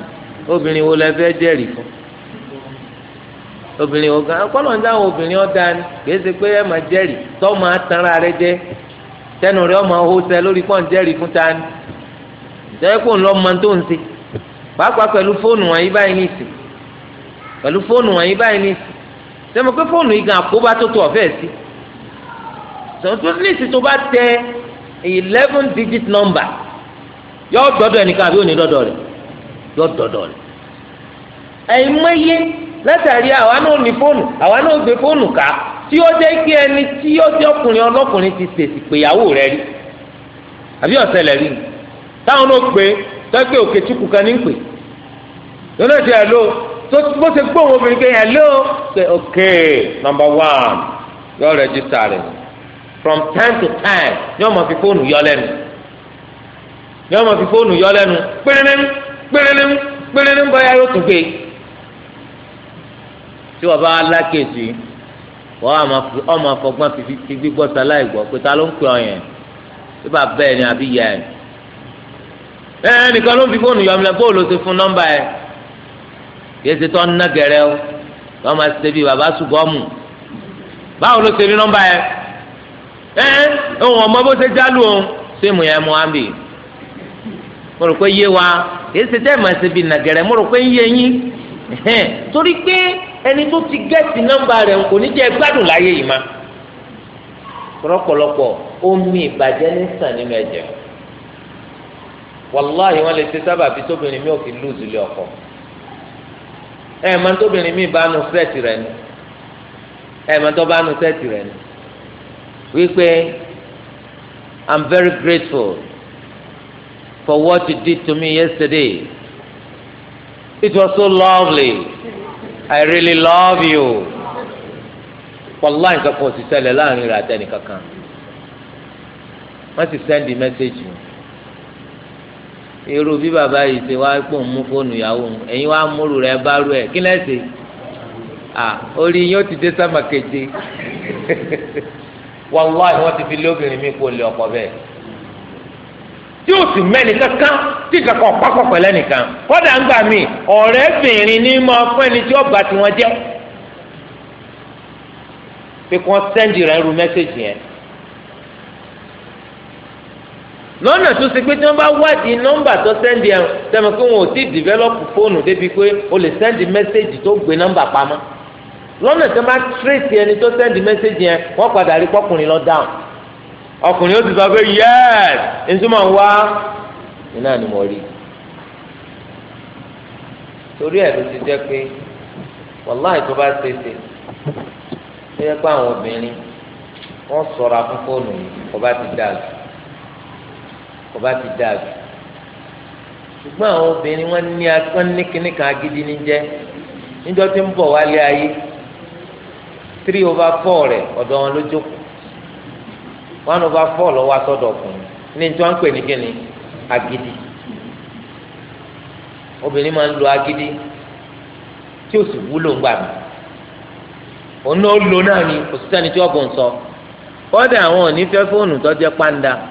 obìnrin wo lẹ fẹ́ jẹ́rìí fún obìnrin wo gan kọ́lọ̀ ń dáhùn obìnrin ọ̀dà ni kì í ṣe pé ẹ máa jẹ́rìí tọ́ máa tanra rẹ jẹ́ tẹnu rẹ ọmọ ọhún sẹ lórí pọ́ǹ jẹ́rìí fún ta ni ìjẹ́ kó ń lọ́ mọ tó ń ṣe pàápàá pẹ̀lú fóònù wọn yìí báyìí nìsí pẹ̀lú fóònù wọn yìí báyìí nìsí sẹ́mi pé fóònù yìí gan àkóbá tó tó ọ̀fẹ́ sí sọ̀túnlẹ̀sì tó bá tẹ eleven digit number yọ dọ́dọ̀ ẹnìkan àbí òní dọ́dọ̀ rẹ̀ yọ dọ́dọ̀ rẹ̀ ẹ̀yin mẹ́yẹ látàrí àwa náà ní fóònù àwa náà gbé fóònù ká tí ó jẹ́ kí ẹni tí ó jẹ́ ọkùnrin ọlọ́kùnrin ti ṣèṣì péyàwó rẹ̀ rí àbí ọ̀sẹ̀ lẹ̀ rí táwọn náà pé tọ́gbẹ́ òkè tí kù kan ní pè lọ́nà tí ẹ̀ ló bó ṣe gbọ́ òun obìnrin kẹ́yìn ẹ̀ ló ṣe ok number one yóò rẹ́gísítà rẹ̀ from time to time yóò máa fi fóònù yọ lẹ́nu yóò máa fi fóònù yọ lẹ́nu pérérém pérérém pérérém báyà yóò tún gbé tí wọ́n bá lákèjì wọ́n á máa fọgbọ́n fi gbígbọ́ sáláì gbọ́ pé ta ló ń pè ọ yẹn bí bàbá ẹ̀ ni àbí yẹ ẹ nìkan ló ń fi fóònù yọ ọmọlẹ bóòlù ti fún nọ́mbà ẹ yéésì tó ń ná gẹrẹ o wọn máa ṣe bí baba sùgọ́mù báwo ló ṣe rí nọ́mbà ẹ ẹ òun ọmọ bó ṣe jálù òun síìmù yẹn mú àmì mo rò pé yé wa yéésì tẹ́ ẹ̀ máa ṣe bí nàgẹrẹ mo rò pé yé yín torí pé ẹni tó ti gẹ́ẹ̀tì nọ́mbà rẹ̀ kò ní jẹ́ gbádùn láyé yìí ma rọpọlọpọ omi ìbàjẹ́ ní sàn nínú ẹ̀jẹ̀ o wàláhì wọn lè ṣe sábàbí tóbìnrin mi ò fi lùzù lé ọkọ ẹ máa tóbìnrin mi bá nu sẹ́ẹ̀tì rẹ ni ẹ máa tó bá nu sẹ́ẹ̀tì rẹ ni wípé i'm very grateful for what you did to me yesterday it was so lovely i really love you wàláhì nǹkan kan ò sì ṣẹlẹ̀ láàrin rẹ àtẹnìkankan wọ́n ti sẹ́ndì mẹ́sẹ̀gì mi irú bí bàbá yìí ṣe wá pò ń mú fóònù ìyàwó òun ẹ̀yin wá múrù rẹ̀ bá rú ẹ̀ kí lẹ́sẹ̀ à orí yín ó ti dé sámà keje wàláhì wọ́n ti fi lóbìnrin mi kó lè ọkọ bẹ́ẹ̀ tí o sì mẹ́ni kankan tí kankan pápọ̀ pẹ̀lẹ́ nìkan kọ́dà ń gbà mí ọ̀rẹ́bìnrin ní máa fún ẹni tí ó tí wọ́n jẹ́ pé kí wọ́n sẹ́ndì rẹ̀ ru mẹ́sẹ̀gì yẹn lọ́nà tó ṣe pé tí wọ́n bá wádìí nọ́mbà tó sẹ́ndì ẹ̀ tẹ̀mọ̀ pé wọn ò tí ì dìvẹ́lọ́pù fóònù débi pé o lè sẹ́ndì mẹ́sẹ́jì tó gbé nọ́mbà pamọ́ lọ́nà tó bá tírèsì ẹni tó sẹ́ndì mẹ́sẹ́jì yẹn wọ́n padà rí pọ́kùnrin lọ dáhùn ọkùnrin ó ti sọ pé yẹ́ẹ̀s ntúmọ̀ wá iná ni mo rí torí ẹ̀ ló ti jẹ́ pé wàláì tó bá ṣèṣe ó yẹ pé àwọn obìnrin wọ́n sọ̀rọ̀ kọba ti dáa jù ṣùgbọ́n àwọn obìnrin wọn ní wọn ní kan agídí ní jẹ́ níjọ́ tí ń bọ̀ wálé ayé three over four rẹ̀ ọ̀dọ̀ wọn ló jókòó one over four lọ́wọ́ asọ́dọ̀ ọkùnrin ní tí wọ́n ń pè ní kíni agídí obìnrin máa ń lo tí ó sì wúlò ńgbà mi òun náà náà ni òṣìṣẹ́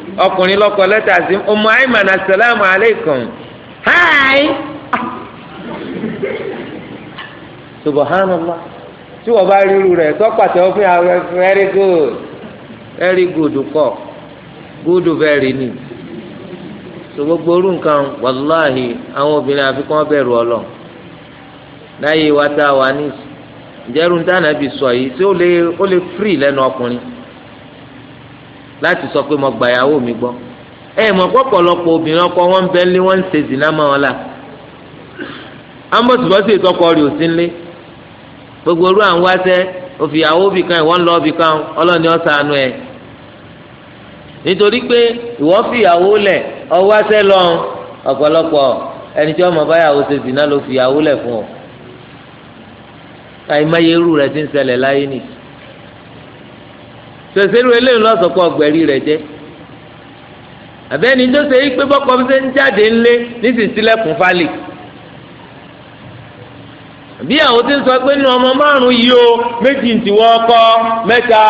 ọkùnrin lọ́kọ lẹ́tà sí ọmọ ayman asalaamu aleykum hi subhanallah tí wọ́n bá ríru rẹ̀ tó pàtẹ́wọ́ fún very good very good kọ́ good very ni so gbogbo orú nǹkan wàláhì àwọn obìnrin àfikún bẹ̀rù ọlọ́run láyé wa tá a wà ní ìjẹ́rù ń dáná bí sọ yìí tí ó lè free lẹ́nu ọkùnrin láti sọ pé mo gba mi gbọ́ ẹ mọ̀ pọ̀pọ̀lọpọ̀ obìnrin ọkọ wọn bẹ́ẹ̀ lé wọ́n ń ṣe zìnnà wọn la ambọ̀sibọ́sì ìtọ́kọ rẹ̀ ò sí ń lé gbogbo orú àwọn wáṣẹ́ òfìyàwó bì kan ìwọ́n ń bì kan ọlọ́ni ọ̀sánú ẹ̀ nítorí pé ìwọ́ fìyàwó lọ ọ̀pọ̀lọpọ̀ ẹni tí ṣe zìnnà ló fìyàwó lẹ̀ fún ọ àìmáyé irú rẹ̀ ti sọ̀sẹ́rù eléyìí lọ́sọ̀kọ́ ọgbẹ̀rí rẹ̀ jẹ́ àbẹ́ni tó ṣe pé bọ́kọ ṣe ń jáde ńlé nísinsìlẹ̀kùn fálì bí àwọn tí ń sọ pé ní ọmọ márùn yìí o méjì ń tiwọ́ ọkọ mẹ́ta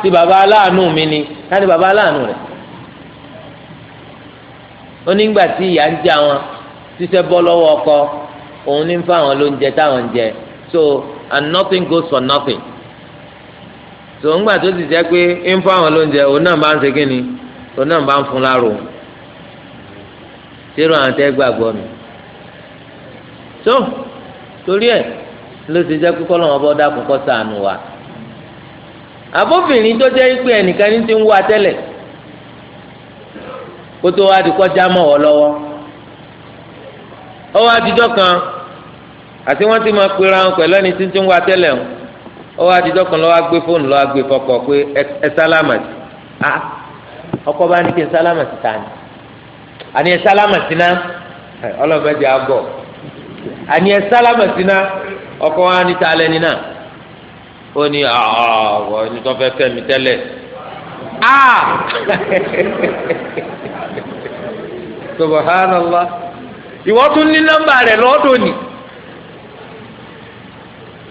ti bàbá aláàánú mi ni ká ní bàbá aláàánú rẹ̀ ó nígbà tí ìyá ń já wọn ṣiṣẹ́ bọ́ lọ́wọ́ ọkọ òun ní ń fáwọn lóúnjẹ táwọn ń jẹ so and nothing goes for nothing tó ń gbà tó ti jẹ́ pé ń fún àwọn lóúnjẹ òun náà bá ń ṣe ni òun náà bá ń fún àwọn tẹ́ gbàgbọ́ mi tó torí ẹ̀ ló ti jẹ́ pé kọ́lọ́mọ bọ́ dákun kọ́ sànù wa àbófinrin tó jẹ́ pé ẹnìkan ní ti ń wá tẹ́lẹ̀ kótó wa di kọjá mọ́ ọ lọ́wọ́ kan àti wọ́n ti máa pera wọn pẹ̀lú ẹni tí ó wá àtijọ́ kan lọ́wọ́ gbé fóònù lọ́wọ́ gbé fọkọ pé ẹ a bá ní kí ẹ sálámà sí tani àní ẹ sálámà ná ọlọ́mọdé àgọ́ àní ẹ ná ní náà ó ní ọ̀ tó fẹ́ fẹ́ mi tẹ́lẹ̀ a subhanallah ìwọ tún ní nọ́mbà rẹ̀ lọ́dọ̀ ni.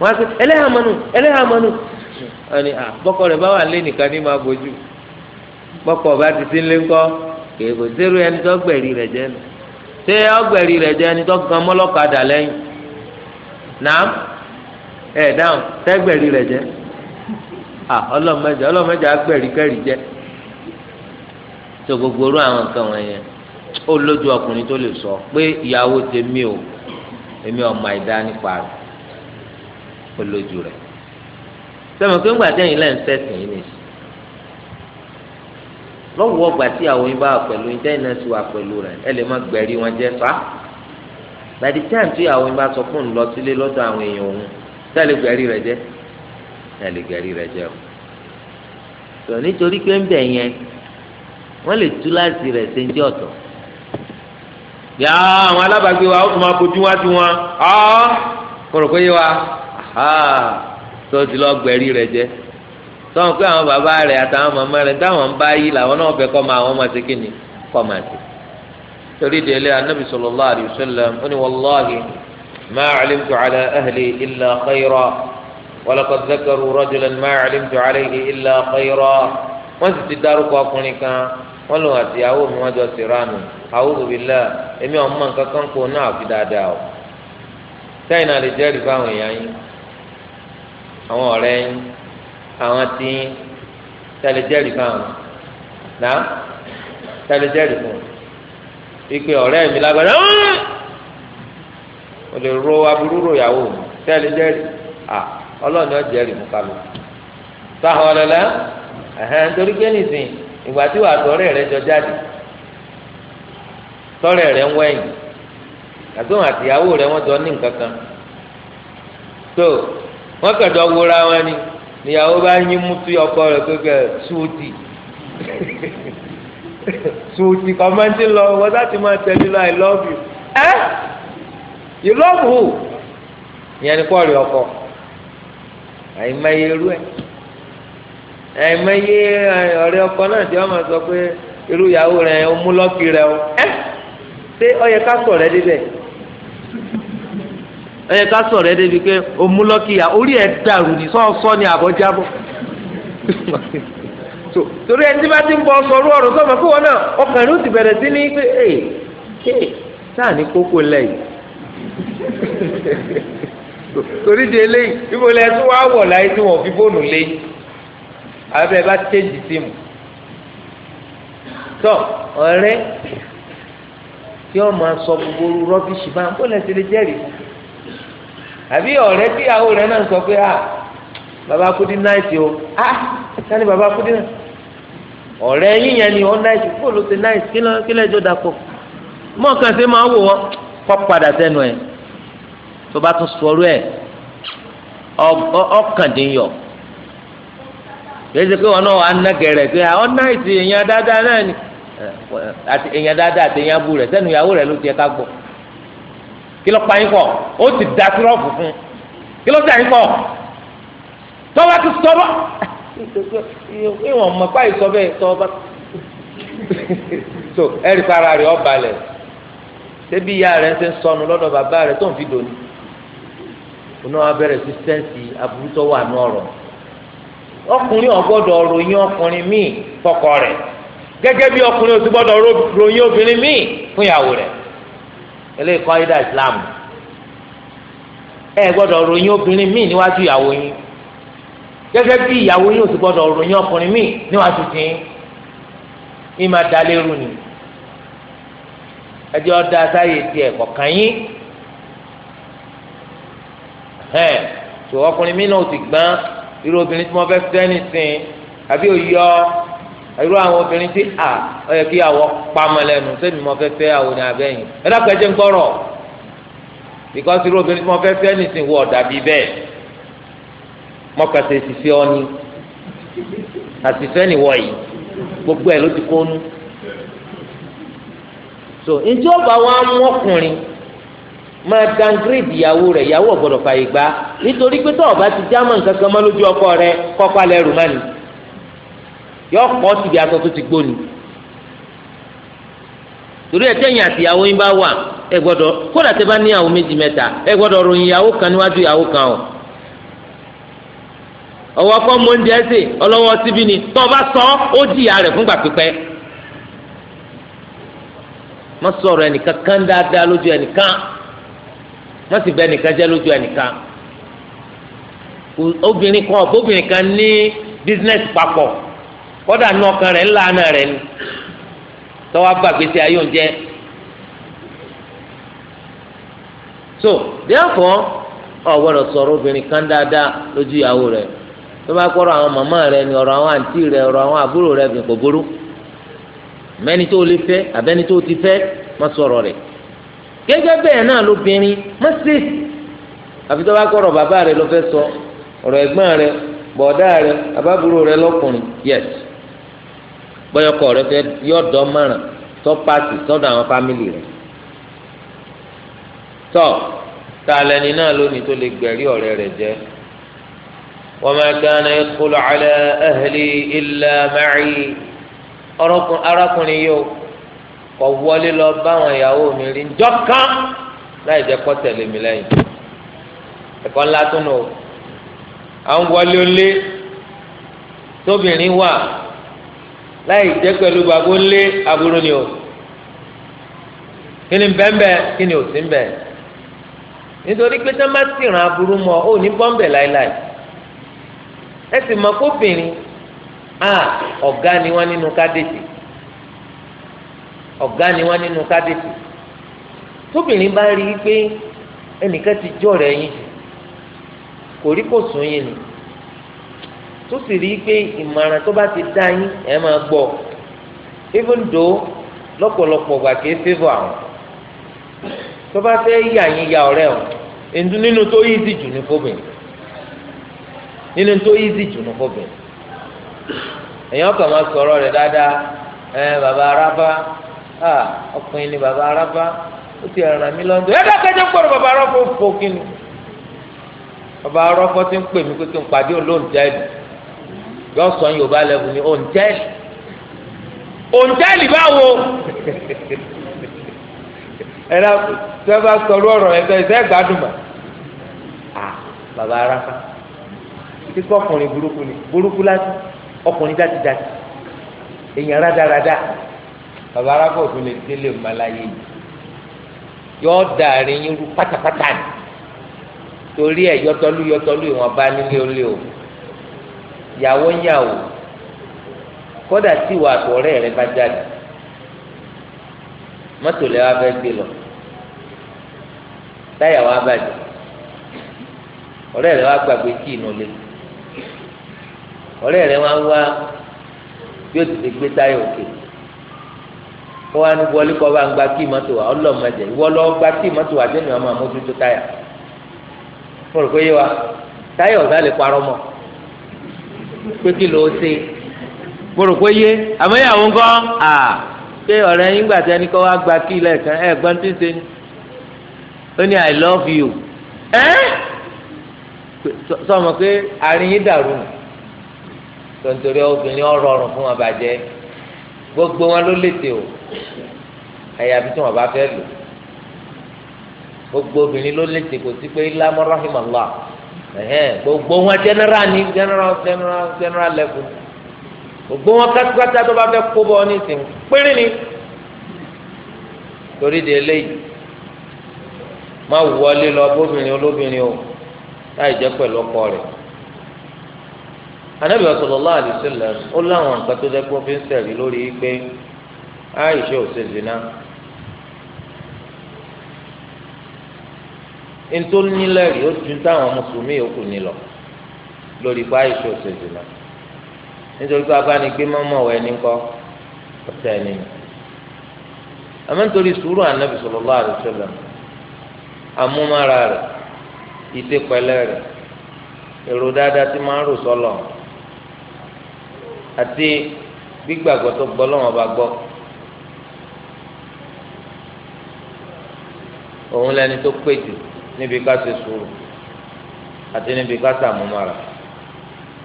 wọn á sọ ẹlẹ́hà mọ́nù ẹlẹ́hà ẹni à bọ́kọ rẹ̀ bá wà lé nìkan ní máa bójú bọ́kọ bá ti sí lé ńkọ́ kéèkó sẹ́rù ẹni tó gbẹ̀rì rẹ̀ jẹ́ nù ṣé ọgbẹ̀rì rẹ̀ jẹ́ ẹni tó mọ́lọ́kadà lẹ́yìn ẹ̀ dáhùn rẹ̀ jẹ́ à ọlọ́mọdé ọlọ́mọdé agbẹ̀rì kẹ́rì jẹ́ tó gbogbo àwọn nǹkan ó lójú ọkùnrin tó lè sọ pé ìyàwó tèmi ò èmi ọ̀ olójú rẹ̀ sọmọ pé ńgbà tẹ̀yìn lẹ́yìn sẹ́sìn yìí nìyí lọ́wọ́ ọgbà tí àwọn yín bá wà pẹ̀lú yín tẹ́yìn náà ti wà pẹ̀lú rẹ̀ ẹ lè má gbẹ̀rí wọn jẹ́ fa by the time tí àwọn yín bá sọ fún un lọ sílé lọ́dọ̀ àwọn èèyàn òun tẹ́ lè gbẹ̀rí rẹ̀ jẹ́ tẹ́ lè gbẹ̀rí rẹ̀ jẹ́ o tò nítorí pé ń bẹ̀ yẹn wọ́n lè tú láti rẹ̀ ṣe ń jẹ́ ọ̀tọ̀ yà àwọn alábàágbé wa ó tún máa bójú wájú wọn ọ́ kọ̀rọ̀ yé wa tó ti lọ gbẹ̀rí rẹ̀ jẹ́ tọ́wọ́n pé àwọn bàbá rẹ̀ àtàwọn màmá rẹ̀ táwọn ń bá yí làwọn náà fẹ́ kọ́ máa wọ́n máa ṣe kí ni kọ́ máa ṣe. torí délé anábì sallallahu alaihi wasallam ó ní wallahi ma alimtu ala ahli illa khayra walaqad dhakaru rajulan ma alimtu alayhi illa khayra wọ́n sì ti dárúkọ ọkùnrin kan wọ́n lòun àti ìyàwó mi wọ́n jọ sí ránù èmi ọ̀mọ́ àwọn ọ̀rẹ́ yín àwọn tí tẹlẹ fún àwọn fún ìpè ọ̀rẹ́ mi lágbára o lè ro aburú ro ìyàwó mi à ọlọ́ọ̀ni ọ̀ jẹ́rìí mú kalu sáwọn ọlọ́lá ẹ̀hẹ́n torí pé nìsín ìgbà tí wàá jáde tọ́rẹ́ rẹ ń wẹ̀yìn rẹ wọ́n jọ ní nǹkan kan tó. So, wọ́n kẹ̀dọ̀ wúra wọn ni ìyàwó bá yín mú sí ọkọ rẹ̀ pé sùúti sùúti kọ́mẹ́ntì lọ wọ́n láti máa tẹ̀lé lọ i love you ẹ́ you love who ìyẹn ni kọ́ rí ọkọ àìmọye irú ẹ̀ àìmọye ọ̀rẹ́ ọkọ náà tí wọ́n máa sọ pé irú ìyàwó rẹ̀ ó mú lọ́kì rẹ̀ ó ẹ́ ṣé ó yẹ ká sọ̀rọ̀ ẹ́ débẹ̀ ẹ ká sọ̀rọ̀ ẹ débi pé òmúlọ́kìyà orí ẹ̀ dàrú ni sọ́ọ̀sọ́ ni àbọ̀jábọ̀ torí ẹni tí bá ti ń bọ sọ̀rọ̀ ọ̀rọ̀ sọmọ fún wọn náà ọkàn rẹ ó ti bẹ̀rẹ̀ sí ní pé ẹ ẹ sáà ní kókó lẹ́yìn torí de eléyìí ibo lẹ tún wá wọ̀ láyé tí wọn fi fóònù lé abẹ bá tẹ́jì síìmù tọ ọ̀rẹ́ tí wọn máa sọ gbogbo rọbìṣì máa ń bọ́ lẹ́sẹ̀ lè jẹ́rìí àbí ọ̀rẹ́ tíyàwó rẹ̀ náà sọ pé à ah, bàbá kú dín náìtì o ah sani baba kú dín náà ọ̀rẹ́ yíyan ni ọ̀ náìtì kó ló náìtì kí lẹ́jọ́ dàpọ̀ mọ̀ọ́kàn ma máa wò wọ́n kọ́ padà sẹ́nu ẹ̀ tó bá tún sọ̀rọ̀ ẹ̀ ọ̀kàndínyọ̀ yéésì pé wọn náà wà á ná gẹ̀rẹ̀ pé ah, náìtì èèyàn dáadáa náà kí ló pa yín pọ̀ ó ti da sírọ́ọ̀fù fún kí ló da yín pọ̀ tọ́ba ti sọ̀rọ̀ ìwọ̀n mọ̀ pa ìsọ bẹ́ẹ̀ tọ́ba so ẹ̀rí para rẹ̀ ọba lẹ̀ ṣebí ìyá rẹ̀ ń ṣe ń sọnù lọ́dọ̀ bàbá rẹ̀ tó ń fi dòní oná abẹ́rẹ́ sí sẹ́ǹsì aburú tó wà ní ọ̀rọ̀ ọkùnrin ò gbọ́dọ̀ ròyìn ọkùnrin míì fọ́kọ rẹ̀ gẹ́gẹ́ bí ọkùnrin ò sì gbọ́dọ̀ ròyìn obìnrin míì fún ìyàwó rẹ̀ eléyìí kọ́ ìdá islam ẹ gbọ́dọ̀ ròyìn obìnrin míì níwájú ìyàwó yín gẹ́gẹ́ bí ìyàwó yín ò sì gbọ́dọ̀ ròyìn ọkùnrin míì níwájú tìǹ yín máa da lérú ni ẹjẹ́ ọ̀dà sáyè tiẹ̀ kọ̀ọ̀kan yín hẹ́n tó ọkùnrin míì náà ò sì gbọ́n irú obìnrin tí wọ́n fẹ́ fẹ́ nìsín àbí òyìn ọ́ irú àwọn obìnrin tí à ọ yẹ kí àwọ pamọ́ lẹ́nu sẹ́mi mo fẹ́ fẹ́ àwọn abẹ́yìn ẹ dákun ẹ jẹ́ because irú obìnrin tí mo fẹ́ fẹ́ nìsín wọ dàbí bẹ́ẹ̀ mọ́kàtà ìṣiṣẹ́ ọ́ni àṣìṣẹ́ nìwọ̀ yìí gbogbo ẹ̀ ló ti kó nú so ntí ọba wa mú ọkùnrin máa dangrèdì ìyàwó rẹ̀ ìyàwó ọ̀gbọ́dọ̀ fàyè gbá nítorí pé tọ́ọ̀bá ti jámọ̀ nǹkan kan mọ́ lójú ọkọ rẹ̀ kọ́pá lẹ́rù mọ́ni yọ pọ̀ síbi aṣọ tó ti gbóni torí ẹ tẹ̀yìn àtìyàwó yín bá wà ẹ gbọ́dọ̀ kódà tẹ́ bá níyàwó méjì mẹ́ta ẹ gbọ́dọ̀ ròyìn ìyàwó kan níwájú ìyàwó kan o ọwọ́ kọ́ mọ oúnjẹ ẹsẹ̀ ọlọ́wọ́ síbí ni tó o bá sọ ó jìyà rẹ̀ fúngbà pípẹ́ má sọ̀rọ̀ ẹnìkan kán dáadáa lójú ẹnìkan má sì bẹ ẹnìkan jẹ́ lójú ẹnìkan obìnrin kan ọ̀bọ obìnrin kan ní bísínẹ́sì papọ̀ kọ́dà nu ọkàn rẹ̀ ńlá ana ni tọ́wọ́ bá gbèsè ayé oúnjẹ. so therefore ọ̀ sọ̀rọ̀ obìnrin kan dáadáa lójú ìyàwó rẹ̀ tó bá kọ́rọ̀ àwọn màmá ni ọ̀rọ̀ àwọn àǹtí rẹ̀ ọ̀rọ̀ àwọn àbúrò rẹ̀ kò burú mẹ́ni tó lè fẹ́ àbẹ́ni tó ti fẹ́ má sọ̀rọ̀ rẹ̀ gẹ́gẹ́ bẹ́ẹ̀ náà lóbìnrin má sí àfi tó bá kọ́rọ̀ bàbá rẹ̀ ló fẹ́ sọ bọ́yọ̀kọ̀ rẹ fẹ́ yọ̀dọ̀ márùn tó pàṣẹ sọ́dọ̀ àwọn fámìlì rẹ̀ tọ́ tá a lẹni náà lónìí tó lè gbẹ̀rí ọ̀rẹ́ rẹ̀ jẹ́ wa ma kana yadkhulu ala ahli illa ma'i arákùnrin yóò kọ wọlé lọ báwọn ìyàwó mi rí njọ́ kan láì jẹ́ kó mi lẹ́yìn ẹ̀kọ́ ńlá tó nù à ń wọlé olé tóbìnrin wà. láì jẹ́ pẹ̀lú bàbá lé aburú ni o kí ni bẹ́ẹ̀nbẹ́ kí ni ò sí bẹ́ẹ̀ nítorí pé sẹ́ńbà ti ràn aburú mọ́ ó ní láéláé ẹ sì a ọ̀gá ni wọ́n nínú ọ̀gá ni wọ́n nínú kádẹ́tì tóbìnrin bá rí i pé ẹnìkan ti jọ̀rọ̀ ẹ̀yìn kò ni tó sì rí i pé ìmọ̀ràn tó bá ti dá yín ẹ máa gbọ́ even though lọ́pọ̀lọpọ̀ gbà kìí favour àwọn tó ya ọ̀rẹ́ o èdè nínú tó easy jù ní fóbìnrin nínú tó easy jù ní fóbìnrin èèyàn kàn máa sọ̀rọ̀ rẹ̀ dáadáa ẹ bàbá arábá ọkùnrin ni bàbá arábá ó ti mí lọ́dún bàbá arábá fò kí ni bàbá arábá ti yọ sọ yorùbá lẹ́bù ni òǹtẹ́lì òǹtẹ́lì báwo ẹ náà tí wọ́n bá sọ ọ̀rọ̀ ọ̀rọ̀ ẹ̀fẹ́ ìfẹ́ gbádùn mọ́ bàbá arafa kíkọ́ ọkùnrin burúkú ni burúkú láti ọkùnrin dáti dáti èèyàn rádaràda bàbá arafa òfin lè délé ọmọláyé yìí yọ da àárín yín rú pátápátá ni torí ẹ yọtọlú yọtọlú ìwọ̀nba nílé olé o. yàwó yàwó kódà tí ìwà àtọ̀rẹ́ rẹ bá jáde mọ́tò lẹ́wọ́ fẹ́ gbé lọ táyà wa ọ̀rẹ́ rẹ wá gbàgbé kí inú lé ọ̀rẹ́ rẹ wá wá bí ó ti ti gbé táyà òkè kó wá ní wọlé gba kí mọ́tò wa ọlọ́mọdé ìwọ gba kí mọ́tò wa dénú àmójútó táyà mo yé wa táyà pé kí ló ṣe mo rò pé yé àmọ́ ìyàwó ń gán à pé ọ̀rẹ́ yín gbà tí ẹni kọ́ wá gba kí lẹ́ẹ̀kan ẹ̀ gbọ́n tí ń ṣe ni ó ní i love you ẹ́ sọmọ pé àárín yín dàrú nù tontori obìnrin ọ̀rọ̀ ọ̀rùn fún wọn bàjẹ́ gbogbo wọn ló létè o àyàfi tí wọn bá fẹ́ lò gbogbo obìnrin ló létè kò sí pé lámọ́ rahimallah gbogbo wọn general ni general general general level gbogbo wọn kátàkátà tó bá fẹ́ kó bọ́ ní ìsìn péré ni torí de eléyìí má wọlé lọ bóbìnrin olóbìnrin o láì jẹ́ pẹ̀lú ọkọ rẹ̀ anabi sallallahu alaihi wasallam ó láwọn nǹkan tó fi ń lórí pé ntó nílẹ̀ rí ó ju táwọn mùsùlùmí yòókù ní lọ lórí ipá ìṣó ṣèṣì náà nítorí pé abánigbé mọ́mọ́ wẹ̀ ní kọ́ ọ̀tẹ̀ ẹni nù àmọ́ nítorí sùúrù ànábì sallallahu alaihi wasallam àmúmára rẹ̀ ìdépẹ̀lẹ́ rẹ̀ èrò dáadáa tí máa ń rò sọ́lọ̀ àti gbígbàgbọ́ tó gbọ́ lọ́wọ́ bá gbọ́ òun lẹni tó pé jù níbi ká ṣe sùúrù àti níbi ká ṣàmúmára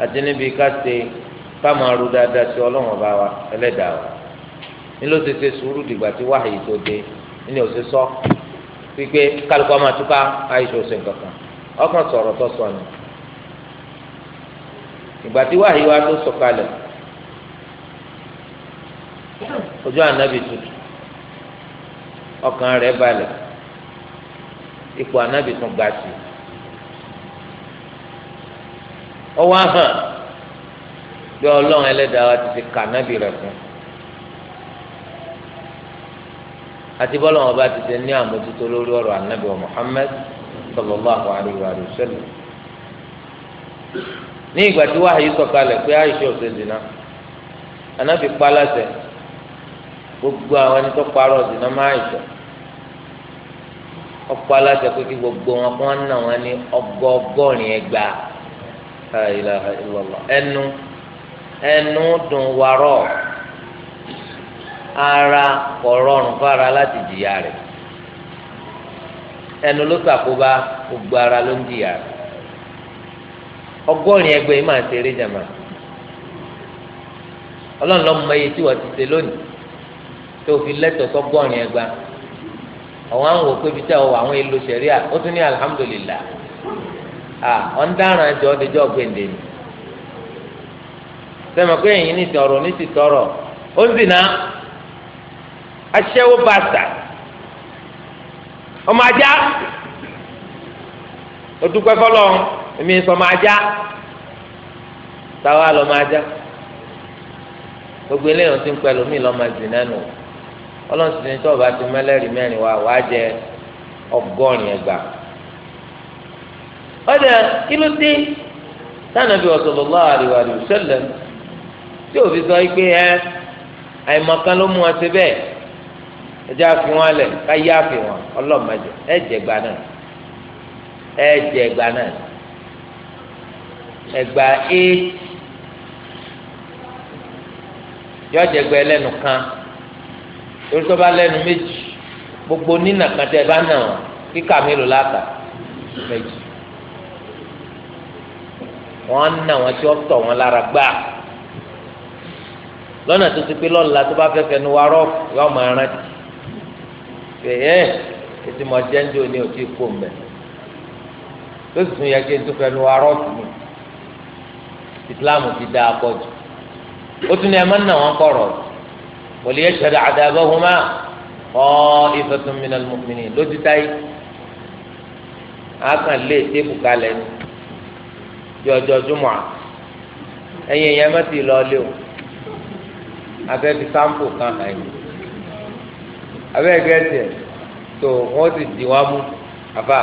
àti níbi ká ṣe ká dáadáa sí ọlọ́run ọba wa ẹlẹ́dàá wa ní ló ṣe ṣe sùúrù dìgbà tí wáhàyè tó dé ní ṣe sọ wípé kálukú ọmọ àtúkà àìṣe òṣè kankan ọkàn sọ̀rọ̀ tó sọ ni ìgbà tí wa tó ojú ànábì tutù ọkàn rẹ̀ ipò anabi tún ga sí ọwọ́ ahàn bí ọlọ́run ẹlẹ́dàá ti fi ka anabi rẹ̀ fún àti bọ́lá wọn bá ti ṣe ní àmójútó lórí ọ̀rọ̀ anabi wa Muhammad sallallahu alayhi wa sallam ní ìgbà tí wàhálì sọ̀kalẹ̀ pé àìsí ọ̀sẹ̀ dìnnà anabi pa gbogbo àwọn ẹni tó dìnnà ọ̀pọ̀ aláṣẹ pé kí gbogbo wọn ní ara rọrùn láti jìyà rẹ̀ ẹnu ló gbogbo ara ló ń jìyà rẹ̀ ẹgbẹ́ yìí máa ṣeré ọlọ́run lọ́mọ iye tí wọ́n ti ṣe lónìí tó àwọn àwọn òkú ibi tẹ ọ àwọn èlò sẹríà ó tún ní alihamudulilà à ọ̀ndàrán ẹjọ́ ọdẹjọ́ gbèǹde ni sẹ́mi pé èyí ní tọrọ ní ti tọrọ ó ń zìnà aṣẹ́wó bàtà ọmọ ajá ó dúpẹ́ fọlọ́ èmi sọ ọmọ ajá táwa ajá gbogbo eléyàn ti ń pẹ́ lómi lọ́mọ ọlọ́run sì ní tí ọba ti mẹ́lẹ́rì mẹ́rin wa wàá jẹ ọgọ́rin ẹgbà. ọ̀dà kí ló dé sànàbí sallallahu alaihi tí sọ pé ẹ àìmọ̀kan ló mú wọn ṣe bẹ́ẹ̀ ẹjẹ́ àfihàn lẹ̀ káyé àfihàn ọlọ́mọdé ẹ jẹ náà ẹ jẹ náà ẹgbà yọjẹgbẹ kan. torí tó bá lẹ́nu méjì gbogbo nínà kan tẹ́ bá nà wọn kíkà mélòó láta méjì wọn nà wọn tí wọn tọ̀ wọn lára gbà lọ́nà tó ti pé lọ́la tó bá fẹ́ fẹ́ nu wa rọ yọ ọmọ ẹran tì ẹ ètò ìmọ̀ jẹ́ńdò ni ò tí kò mẹ́ tó sì tún yẹ kí n tó fẹ́ nu wa rọ tì mí ti dá a pọ̀ ó tún ní ẹ má nà wọn kọ̀rọ̀ o. وليشهد عذابهما طائفة من المؤمنين لو تتاي أكن ليه تيكو كالين جو جو جمعة أي يامتي لوليو abẹ́ fi sampo kan hàn yín abẹ́ gẹ̀ẹ́sì ẹ̀ tó wọ́n ti di wá mú àbá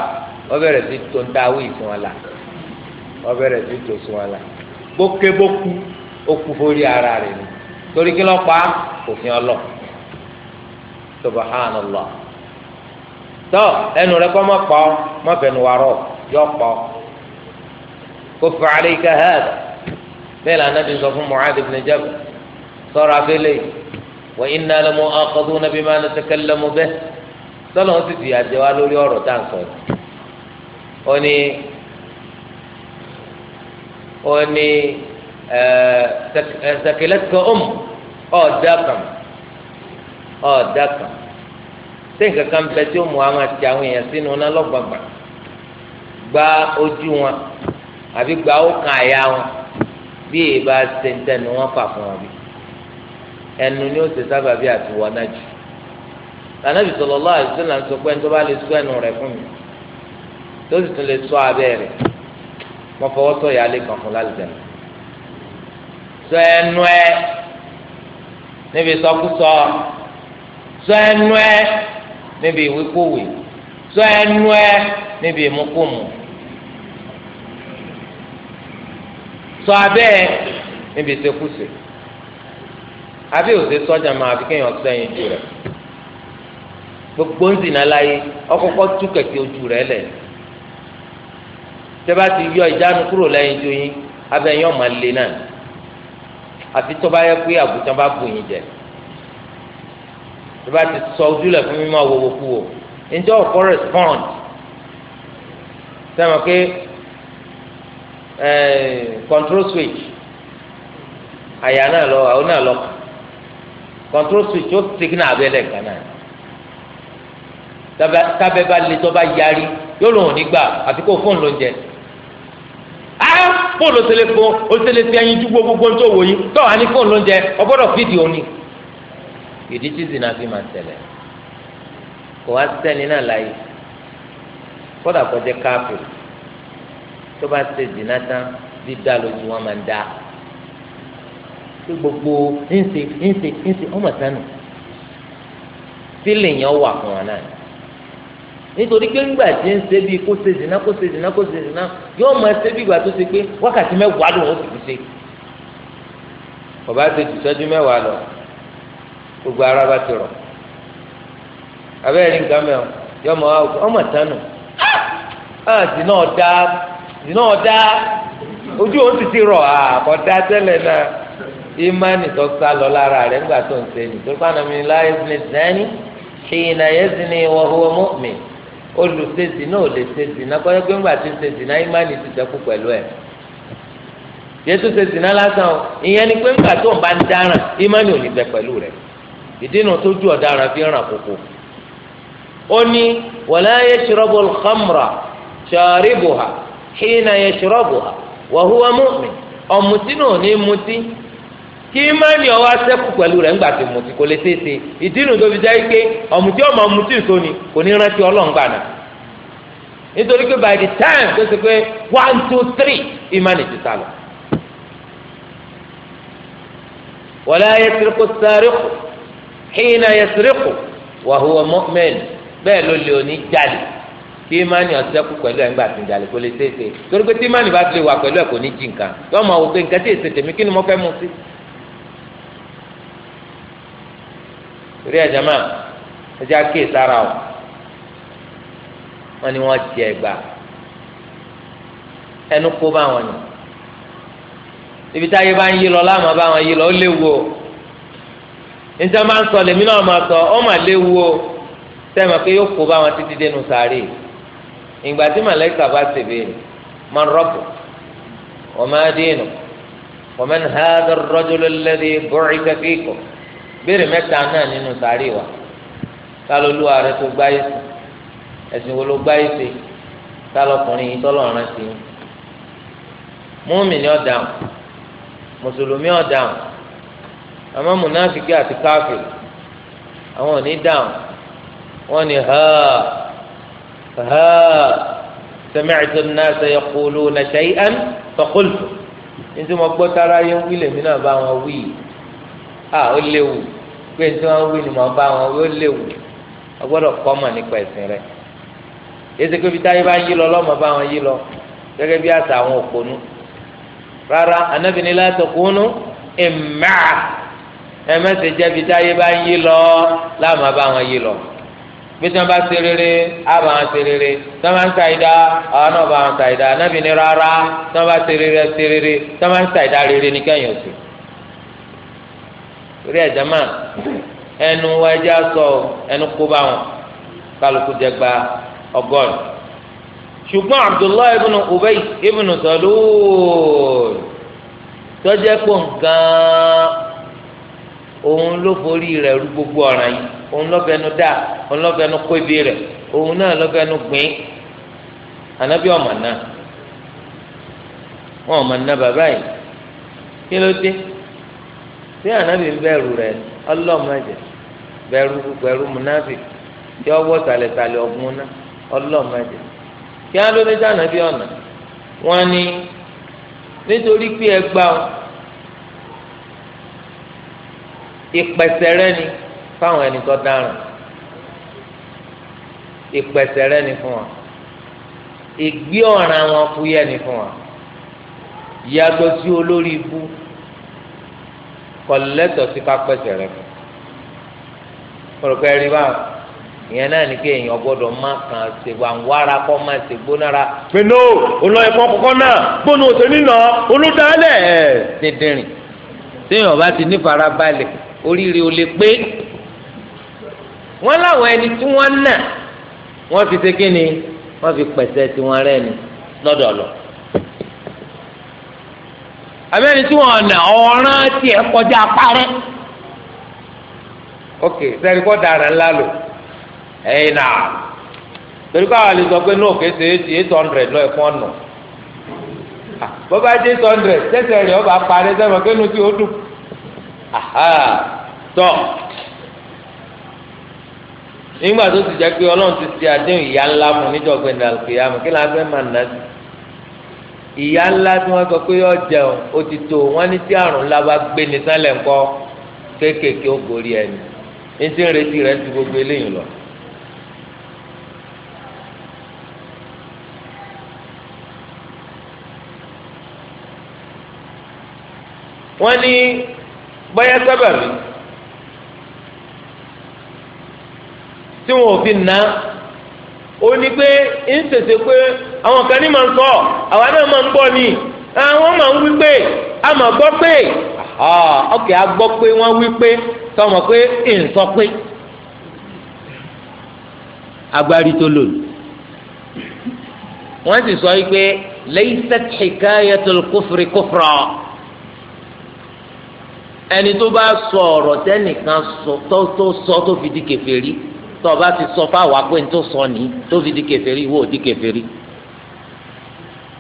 wọ́n bẹ̀rẹ̀ sí tó ń dáwé ìsún wọn la wọ́n bẹ̀rẹ̀ sí tó sún wọn la bókébókú ó kú fórí ara rẹ̀ ni torí kí lọ́pàá òfin ọlọ subahánàlá tọ ẹnu rẹ kọ́ mọ́ pọ́ mọ́ bẹ̀nu wà rọ yọ pọ́ kó fàálẹ̀ ika hẹ́ẹ̀dà bẹ́ẹ̀ lànà bí sọ fún muhammed bin jabir sọ̀rọ̀ abẹ́lẹ̀ wà iná lọ́mọ akọ́dún nàbí máa ní sẹ́kẹ́lẹ́ mọ́ bẹ́ẹ̀ sọ́nà ó sì wa lórí ọ̀rọ̀ tá à ń sọ yìí ó ní ó ní sàkìlẹ́tìkọ̀ ọ̀mù ọ̀ọ́dà kan ọ̀ọ́dà kan ṣé nǹkan kan bẹ tí ó mú àwọn àti àwọn èèyàn sínú náà lọ́gbàgbà gba ojú wọn àbí gba ọkàn àyà wọn bí èèbá tẹ̀ntẹ̀nu wọn fà fún wọn bí ẹnu ni ó ṣe sábà bí àtiwọ́ náà jù lànàbì sallallahu alaihi wasallam sọ pé ẹni bá lè sọ ẹnu rẹ̀ fún mi tó sì tún lè sọ abẹ́ rẹ̀ mo fọwọ́ sọ ìyáálé kan fún lálẹ́ jẹ̀mọ́ sọ ẹnu ẹ níbi sọkúsọ sọ ẹnu ẹ níbi ìwíkúwì sọ ẹnu ẹ níbi ìmúkùmù sọ abẹ ẹ níbi ìṣekúṣe àbí òsè sọjà máa fi kéèyàn sẹ́yìn ju rẹ gbogbo ń zìnà láyé ọkọkọ tú kẹ̀kẹ́ ojú rẹ lẹ tẹ bá ti yọ ìjánu kúrò lẹ́yìn ju yín abẹ yín ọmọ alẹ náà àfi tó bá yẹ pé àgùntàn bá bù yín jẹ tó bá ti sọ ojúlẹ̀ fún mímọ́ wọ́wọ́ kú o ǹjẹ́ ò correspond sẹ́wọ̀n pé control switch àyà náà lọ àwọn náà lọ control switch ó signal abẹ́lẹ̀ kan náà tábẹ́ bá le tó bá yarí yóò lòun nígbà àfi kó fóònù ló ń jẹ fóònù òsèlè fún òsèlè fi ẹyin ju gbogbo tó wò yìí tó wà ní fóònù lóúnjẹ ọgbọ́dọ̀ fídì òní. ìdí tí zina fi máa tẹ̀lẹ̀ kò wá sẹ́ni náà láàyè kódà kọjá káàpù tó bá ṣe zina tán dídá lójú wọn máa ń dá tí gbogbo ńṣe ńṣe ńṣe ọmọ sánù tí lèèyàn wà fún wọn náà nítorí pé ńgbà tí ń ṣe bíi kó ṣe zina kó ṣe zina kó ṣe zina yóò máa ṣe bí ìgbà tó ṣe pé wákàtí mẹ́wàá lòun ó sì fi ṣe bàbá ti tìṣẹ́jú mẹ́wàá lọ gbogbo ara bá ti rọ̀ abẹ́rẹ́ nǹkan mẹ́wàá yọ ọmọ ọmọ ah, ah zina ojú òun sì ti tẹ́lẹ̀ náà lọ lára rẹ̀ ńgbà tó ń ṣe tó olùsèzì náà ò lè sèzì náà kọ́ ẹgbẹ́ ńgbà tí sèzì náà ìmánì ti sẹ́kù pẹ̀lú ẹ̀ yẹtù sèzì náà lásán o ìyẹn ni pé ńgbà tó ń bá ń dáràn ìmánì ò ní bẹ pẹ̀lú rẹ̀ ìdínà tó ju ọ̀daràn fi ràn kókó ó ní wala yashrabu al-khamra sharibuha hina yashrabuha wa huwa mu'min ọ̀mùtí náà ní mutí kí imáni ọwọ́ asẹ́kù pẹ̀lú rẹ̀ ńgbà tí mutí kò lè tètè ìdínú tó fi jẹ́ pé ọ̀mùtí ọmọ mutí sóni kò ní rántí ọlọ́ngbà náà nítorí pé by the time tó ṣe one two three ti sálọ. bẹ́ẹ̀ ló lè kí pẹ̀lú ẹ̀ ńgbà kò lè tètè torí pé tí bá ti wà pẹ̀lú ẹ̀ kò ní torí ẹ̀jẹ̀ máa ẹ̀jẹ̀ akéè sára o wọ́n ní wọ́n tiẹ̀ gbà ẹnu kó bá wọn ni ibi táyé bá ń yí lọ láàmú bá wọn yí lọ ó léwu o níta máa ń sọ lèmi náà máa sọ ó mà léwu o sẹ́mi pé yóò kó bá wọn títí dénú sáré ìgbà tí màlẹ́kà bá ṣèbéèrè máa ń rọ́pò wọ́n máa dínú wọ́n máa ń hádà rọ́jòlélẹ́dẹ́ bọ́ọ̀rì kẹ́kẹ́ kọ́ béèrè mẹ́ta náà nínú sàárì wa tálọ́ olúwa rẹ tó gbáyé sí ẹ̀sìn wo ló gbáyé sí tálọ́ ọkùnrin yìí tọ́lọ̀ ọ̀ràn sí i múmìnì ọ̀daràn mùsùlùmí ọ̀daràn àmọ́ mùnáfíkì àti káfíìn àwọn ò ní dáhùn wọ́n ní háà háà sami'tu an-nasa yaquluna shay'an faqultu nítorí mo gbọ́ tara yẹn wí lèmi náà bá wọn wí à ó léwu pé tí wọ́n wí ni mọ̀ bá wọn yóò léwu wọ́n gbọ́dọ̀ kọ́ mọ̀ nípa ẹ̀sìn rẹ̀ èsì pé bí táyé bá yí lọ lọ́mọ bá wọn yí lọ gẹ́gẹ́ bí àṣà àwọn òpònú rárá Ànábì ní la takunu imma ẹ̀mẹ́sẹ̀ jẹ́ bí táyé bá yí lọ láàmú bá wọn yí lọ bí tí wọ́n bá rere á bá wọn rere tí wọ́n bá ń ṣàìdá náà bá wọn ṣàìdá Ànábì rárá tí wọ́n bá rere ṣe rere tí wọ́n bá ń rere ní kẹ́yìn òsì. torí ẹja máa ẹnu wa ẹja sọ ẹnu kó bá wọn kálukú jẹ gba ṣùgbọ́n Abdullahi ibn Ubay ibn Salul tọ́jẹ́ pò nǹkan òun ló forí rẹ̀ rú gbogbo ọràn yìí òun lọ́fẹ̀ẹ́nu dá òun lọ́fẹ̀ẹ́nu kó ibi òun náà gbìn náà wọn náà bàbá yìí kí ló tí ànábì ń bẹ̀rù rẹ̀ ọlọ́mọdé bẹ̀rù bẹ̀rù múnábì tí ọwọ́ tàlẹ̀tàlẹ̀ ọ̀gbun ná ọlọ́mọdé kí á ló dé ànábì ọ̀nà wọn ni nítorí pé ẹ gbà ọ ìpẹ̀sẹ̀ rẹ ni fáwọn ẹni tó dáràn ìpẹ̀sẹ̀ ni fún wa ìgbé ọ̀ràn wọn fúyẹ́ ni fún wa yàtọ̀ sí olórí ibú kọ̀lẹ́tọ̀ sí kápẹ́sẹ̀ rẹ̀ fún kọ̀lọ́kẹ́ rí báwọn ìyẹn náà ní kí èèyàn gbọ́dọ̀ má kàn ṣe wà ń wára kọ́ má ṣe gbónára. pinnu olóyè kan kọ́kọ́ náà gbónú òsè nínà olùdaálẹ̀ ẹ̀ dídìrín téèyàn bá ti nífarabalẹ̀ oríire ò lè pé wọ́n láwọn ẹni tí wọ́n nà wọ́n fi ṣe kí ni wọ́n fi pẹ̀sẹ̀ tiwọn rẹ̀ ni lọ́dọ̀ lọ. abẹ́ni tí wọ́n nà ọ̀ràn tiẹ̀ kọjá parẹ́. ok sẹ́ni kọ́ dara ńlá lò ẹ̀yin náà torí káwọn àlejò pé náà kéṣe eight hundred lọ́ọ̀ ẹ̀fọ́ nù bọ́bá dé eight hundred sẹ́sẹ̀ rẹ̀ ọba parẹ́ sẹ́wọ̀n kẹ́nu tí ó dùn tọ́ nígbà tó ti jẹ́ pé ọlọ́run ti ṣe àdéhùn ìyá ńlá níjọ́ mi kí ló ń fẹ́ máa ìyá ńlá tí wọ́n sọ pé yọ jẹun ó ti tó wọ́n ní tí àrùn ńlá bá gbé ní sálẹ̀ ńkọ́ kéékèèké ó gorí ẹni ní tí ń retí rẹ̀ ju gbogbo eléyìí lọ. wọ́n ní bóyá sábàbí tí wọn ò fi ná ó ní pé ń tètè pé àwọn kan ní máa ń sọ àwa náà máa ń gbọ́ ni àwọn máa ń wí pé a máa gbọ́ pé ọkẹ́ a gbọ́ pé wọ́n wí pé sọmọ pé ń sọ pé agbárí tó lò wọ́n sì sọ wípé laysat hikayatul kufri kufra ẹni tó bá sọ ọ̀rọ̀ tẹ́nìkan tó sọ tó fi di kèfèrí tó ti sọ fáwọn akpẹ́ni sọ ní tó fi di kèfèrí wò ó di kèfèrí.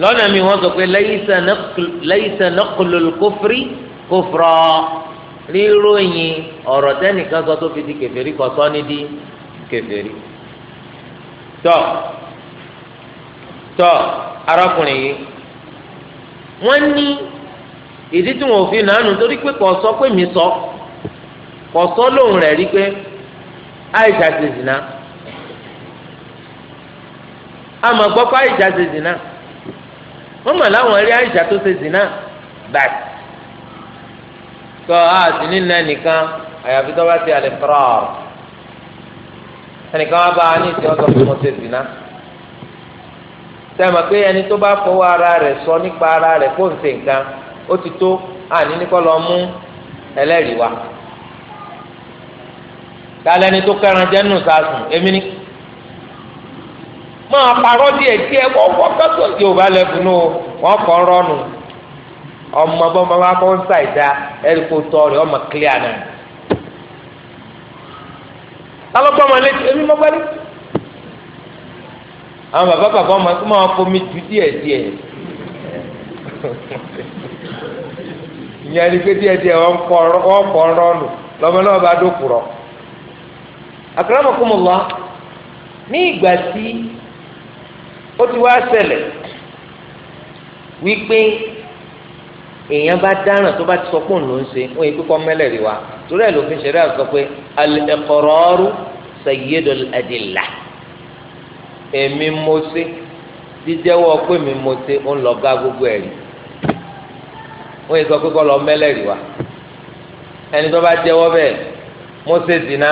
lọ́nà mi wọ́n sọ pé laysa naqlul kufri kufra ríròyìn ọ̀rọ̀ tẹ́nìkan sọ tó fi di kèfèrí kọ́ sọ́ni di kèfèrí. tọ́ tọ́ arákùnrin yìí wọ́n ní ìdí tí wọn ò fi nàánú torí pé kò sọ pé mi sọ kò sọ lóhùn rẹ̀ rí pé àìjà ṣe zìnà àmọ́ gbọ́ pé àìjà ṣe zìnà wọ́n mọ̀ láwọn rí àyíṣà tó ṣe zina bàt kọ́ àti nínú ẹnìkan àyàfi tó bá ti àlè fúrọ́ọ̀rù ẹnìkan wá bá a ní ìsìn ọ̀sán fún mo ṣe zina sẹ́mi pé ẹni tó bá fọwọ́ ara rẹ̀ sọ nípa ara rẹ̀ kó ń ṣe nǹkan ó ti tó àní ní kọ́ lọ mú ẹlẹ́rìí wa. dalẹ́ni tó kẹran jẹ́ nù sásùn èmi ni. máa parọ́ díẹ̀ díẹ̀ wọ́wọ́ kátó yorùbá lẹ́kùn náà wọ́n kọ́ rọ́ọ̀nù ọmọ bọ́ ọmọ wa kọ́ ń ṣàìdá ẹ̀rí kò tọ́ rẹ̀ ọmọ kílíà náà. alọ́gbọ́n máa létí èmi mọ́ gbẹ́lẹ́. àwọn bàbá bàbá ọmọ tó máa fomi díẹ̀ díẹ̀. ìyẹn ni pé díẹ̀ díẹ̀ wọ́n kọ́ lọ́mọ náà ó ti wá ṣẹlẹ̀ wípé èèyàn bá dáràn tó bá ti sọ pé òun ló ń ṣe wọn yìí kíkọ mẹlẹri wa torí ẹ lófin ṣẹlẹ àgbà pé al-iqraru sayyidul adillah èmi mo ṣe jíjẹ́wọ́ pé mi mo ṣe ń lọ gá gbogbo ẹ̀rí wọn yìí sọ pé kọ lọ mẹlẹri wa ẹni tó bá jẹ́wọ́ bẹ́ẹ̀ mo ṣe zina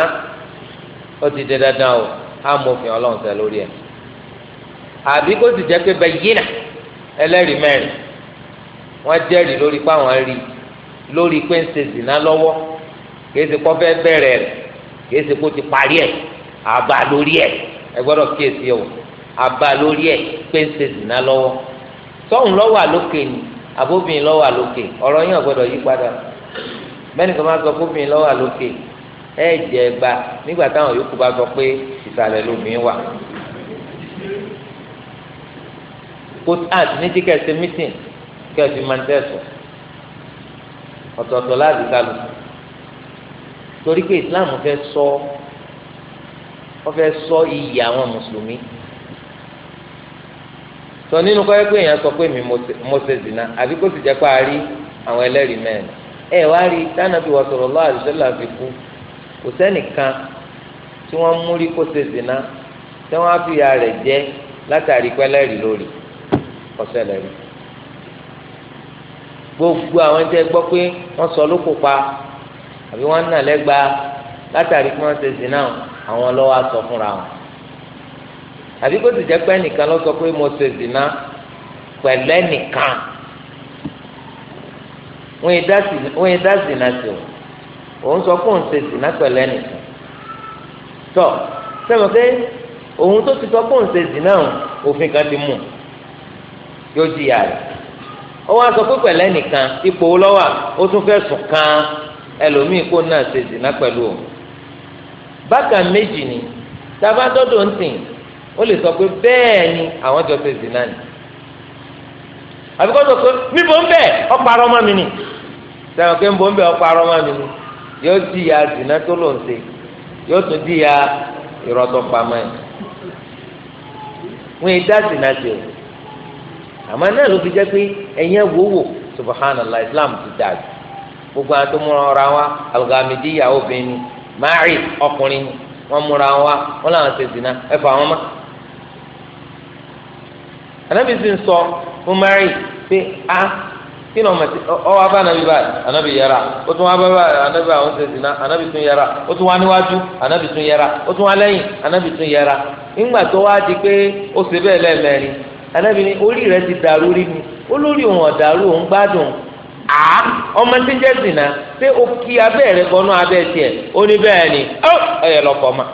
ó ti dé dandan o á mọ òfin Ọlọ́run ṣe lórí ẹ̀ àbí kó sì jẹ́ pé bẹyìnà ẹlẹ́rìí mẹ́rin wọ́n jẹ́rìí lórí pé àwọn rí lórí pé ń ṣe zìnà lọ́wọ́ kìí ṣe kó fẹ́ bẹ̀rẹ̀ rẹ̀ kìí ṣe kó ti parí ẹ̀ àbá lórí ẹ̀ ẹ gbọ́dọ̀ kíyèsí o àbá lórí ẹ̀ pé ń ṣe zìnà lọ́wọ́ sọ́hun ló wà ni àbóbìnrin ló wà lókè ọ̀rọ̀ yín ò gbọ́dọ̀ yí padà bẹ́ẹ̀ni kò máa sọ fóbìnrin ló wà lókè nígbà táwọn yòókù bá sọ pé ìsàlẹ̀ lómi wà kó àti ní tí kẹsì mítìn kẹsì máa ń láti kálù Islam fẹ́ sọ sọ iyì àwọn mùsùlùmí sọ nínú kọ́ pé èèyàn sọ pé mi mo ṣe zina àbí kó sì jẹ́ pé a rí àwọn ẹlẹ́rìí mẹ́rin ẹ wá rí tánàbí wa sallallahu alaihi wasallam fi kú kò ya rẹ̀ jẹ́ látàrí pẹ́lẹ́rìí lórí. kọsẹlẹ rí gbogbo àwọn tẹ gbọ́ pé wọ́n sọ lóko pa àbí wọ́n nà lẹ́gba látàrí kí wọ́n ṣe zina àwọn ọlọwọ asọ fúnra wọn àbí kó ti jẹ́ pé ẹnìkan ló sọ pé mo ṣe zina pẹ̀lú ẹnìkan wọ́n yẹ dá zina sí o òun sọ pé òun ṣe zina pẹ̀lú ẹnìkan tọ sẹ́wọ̀n pé òun tó ti sọ pé òun ṣe zina òfin kan ti mú un yóò di ìyá rẹ̀ ó wá sọ pé pẹ̀lẹ́ nìkan ipò lọ́wọ́ ó tún fẹ́ sùn kan ẹlòmíì kó náà ṣe pẹ̀lú òun bákan méjì ni tabadọ́dọ̀ ń tìǹ ó lè sọ pé bẹ́ẹ̀ ni àwọn jọ ṣe zìnà ni àbíkọ́ sọ pé níbo ń bẹ̀ ọ̀parọ́ mọ́ mi ni sẹ́wọ̀n pé níbo ń bẹ̀ ọ̀parọ́ mọ́ mi ni yóò di ìyá tó lò ń ṣe yóò tún di ìyá ìrọ̀tọ̀ pamọ́ ẹ̀ wọ́n àmọ́ náà ló fi jẹ́ pé ẹ̀yìn wò islam ti dà jù gbogbo àwọn tó múra ọ̀ra wa alùpàmìdí ìyàwó obìnrin máàrì ọkùnrin wọn múra wa wọn làwọn ṣe zina ẹ fà wọn mọ́. sì ń sọ fún máàrì pé a kí ni ọwọ́ abá anabi báyìí ànábì yẹra ó tún wá bá báyìí anabi àwọn ṣe tún yẹra ó tún wá níwájú tún anabini ni orí rẹ ti dàrú rí ni olórí òun ọ̀dàrú òun gbádùn á ọmọ tí ń jẹ́ zina pé o kí abẹ́ gbọ́nú abẹ́ tiẹ̀ ó ní bẹ́ẹ̀ ni ọyẹ lọ́kọ̀ ma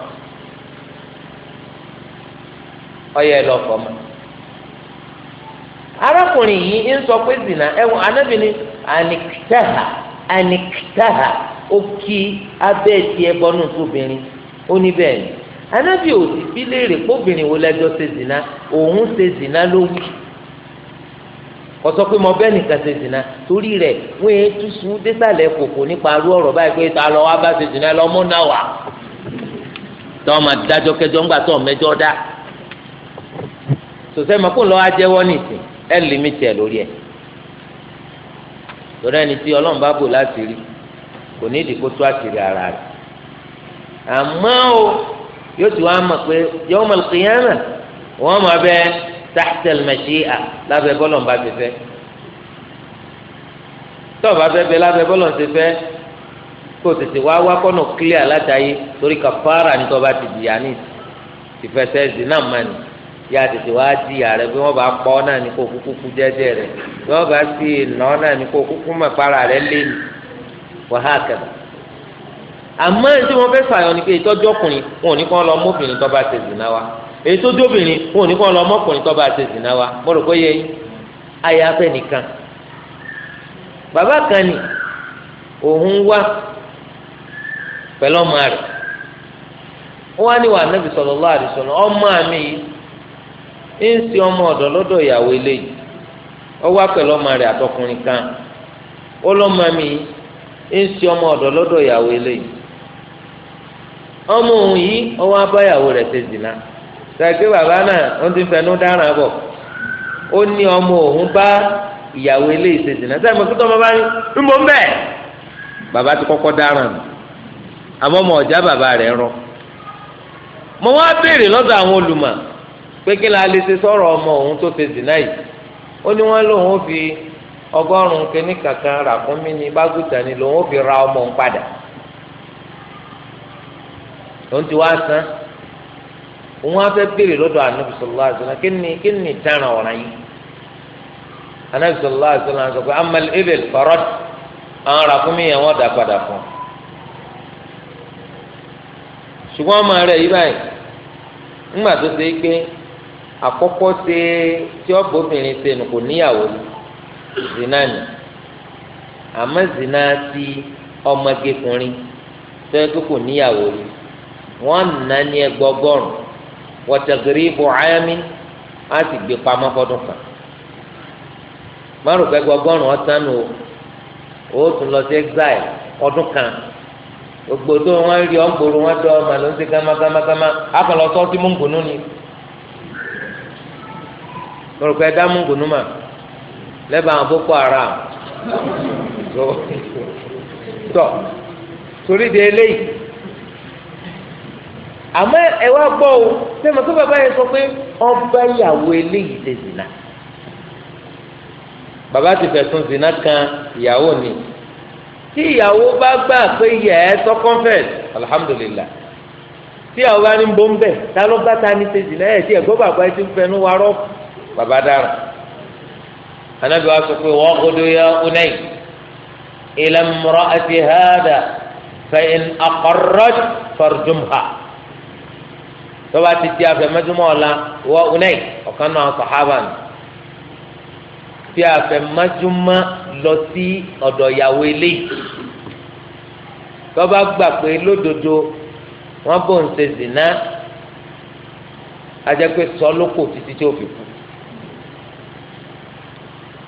ọyẹ lọ́kọ̀ ma arákùnrin yìí ń sọ pé zina ẹ̀wọ̀n ni anikitaha anikitaha o kí abẹ́ tiẹ̀ gbọ́nú anábì ò sì bí léèrè kóbìnrin wo lẹ́jọ́ ṣe zina òun ṣe zina ló wí ó sọ pé mo bẹ́ẹ̀ nìkan ṣe zina torí rẹ̀ wọ́n yẹn tún sùn désàlẹ̀ kòkò nípa arú ọ̀rọ̀ báyìí pé ta lọ wá bá ṣe zina lọ mú náà wá tọ́ ma dájọ́ kẹjọ́ ńgbà tó mẹjọ́ dá sòsẹ́ ma kó lọ́ọ́ ajẹ́wọ́ nìsín ẹ̀ límítì ẹ̀ lórí ẹ̀ torí ẹni tí ọlọ́run bá bò láti rí kò ní ìdí tó àṣírí ara rẹ̀ àmọ́ o yóò ti wá mọ̀ pé yawm al-qiyama wọ́n mọ̀ abẹ́ tahta al-mashi'a lábẹ́ bọ́lọ̀ ń bá ti fẹ́ tọ́ọ̀bù abẹ́bẹ́ lábẹ́ bọ́lọ̀ ń ti fẹ́ kó tètè wá wá kọ́nà clear látàyè torí kàfàrà ní tọ́ba ti dìyà ní ìfẹsẹ̀ zina mani yà tètè wá di ààrẹ bí wọ́n bá pọ́ náà ní kó kúkú jẹ́jẹ́ rẹ̀ bí wọ́n bá sì nà náà ní kó kúkú mọ̀ rẹ̀ lé wàhálà kẹlẹ̀. àmọ́ èyí tí wọ́n fẹ́ fàyọ ni pé ìtọ́jú ọkùnrin wọn ò ní kọ́ lọ mọ́kùnrin tó ṣe zìnà wa èyí tó dóbìnrin wọn ò ní kọ́ lọ mọ́kùnrin ṣe wa mo rò pé yẹ ayáfẹ́ nìkan bàbá kan ni òun wá pẹ̀lú ọmọ rẹ̀ kan ó lọ́mọ mi ń ọmọ òun yìí ọwọ́ abáyàwó rẹ̀ ṣe ike sàgbé bàbá náà ó ti fẹnu dáràn bọ̀ ó ní ọmọ òun bá ìyàwó eléyìí ṣe zina sàgbé kí tọ́mọ bá ń bàbá ti kọ́kọ́ dáràn ọmọ bàbá rọ wá béèrè àwọn pé kí la lè ṣe ọmọ òun tó ṣe yìí ó ní ra ọmọ òun ló ń ti wá san òun anabi kí ni kí ni dáná ọ̀ràn yìí anabi sallallahu alaihi sọ pé amal ebel farad àwọn ará fún mi yẹn wọ́n dá padà fún ṣùgbọ́n ọmọ rẹ̀ yí báyìí zina ni àmọ́ zina ti ọmọge kùnrin tó yẹ kó kò wọn nà ní ẹgbọgọrùn wọtẹgìrì ibò ayami á sì gbé pamọ́ fọdún kan márùn kẹgbọgọrùn ọtán nù o ó tún lọ sí exile ọdún kan gbogbo tó wọn rí ọgbòrò wọn ọmọ ló ń ṣe gámágámágámá ni mà àmọ́ ẹ wá gbọ́ o ṣé mo tó bàbá yẹn sọ pé ọba ìyàwó eléyìí lè zìnà bàbá ti fẹ̀sùn zìnà kan ìyàwó ni tí ìyàwó bá gbà pé yẹ ẹ sọ confess alhamdulillah tí ìyàwó bá ní bọ́ńbẹ́ ta ló bá ta ní ṣe zìnà ẹ̀ tí ẹ̀gbọ́n bàbá ti ń fẹnu wa bàbá dára anabi wa sọ pé wọ́n gbọdọ̀ yá unai ila imra'ati hada fa in aqarrat farjumha tọ́ba ti di afẹ́mẹ́júmọ́ ọ̀la wọ unai ọ̀kan náà sàhábà nù fi afẹ́mẹ́júmọ́ lọ sí ọ̀dọ̀ ìyàwó ilé tọ́ba gbà pé lódodo wọ́n bò ń ṣe zìnà ajẹ́ pé sọ lóko títí tí ó fi kú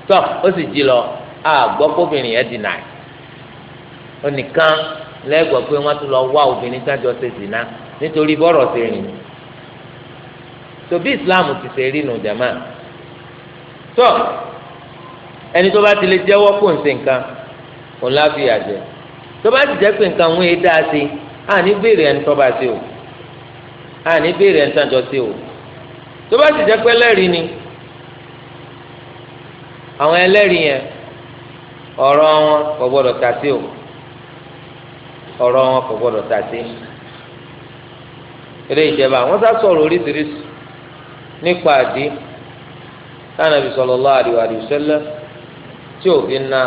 tọ́ ó sì jí lọ àgbọ́ kóbìnrin yẹn dìnnà onìkan lẹ́gbọ̀ọ́ pé wọ́n tún lọ wá obìnrin tájọ́ ṣe zìnà nítorí bọ́rọ̀ ṣe rìn tòbí islam ti ṣe rí nù jama tó ẹni tó bá ti lè jẹ́wọ́ kó ń ṣe nǹkan òun láfíà jẹ tó bá ti jẹ́ pé nǹkan òun yẹn dá sí àní béèrè ẹni tó bá sí o àní béèrè ẹni tàjọ sí o tó bá ti jẹ́ pé ẹlẹ́rìí ni àwọn ẹlẹ́rìí yẹn ọ̀rọ̀ wọn kò gbọ́dọ̀ tà sí o ọ̀rọ̀ wọn kò gbọ́dọ̀ tà sí eléyìí jẹba wọn sá sọ̀rọ̀ oríṣiríṣi nípa àdí tánàbí sallallahu alaihi wa sallam tí òfin na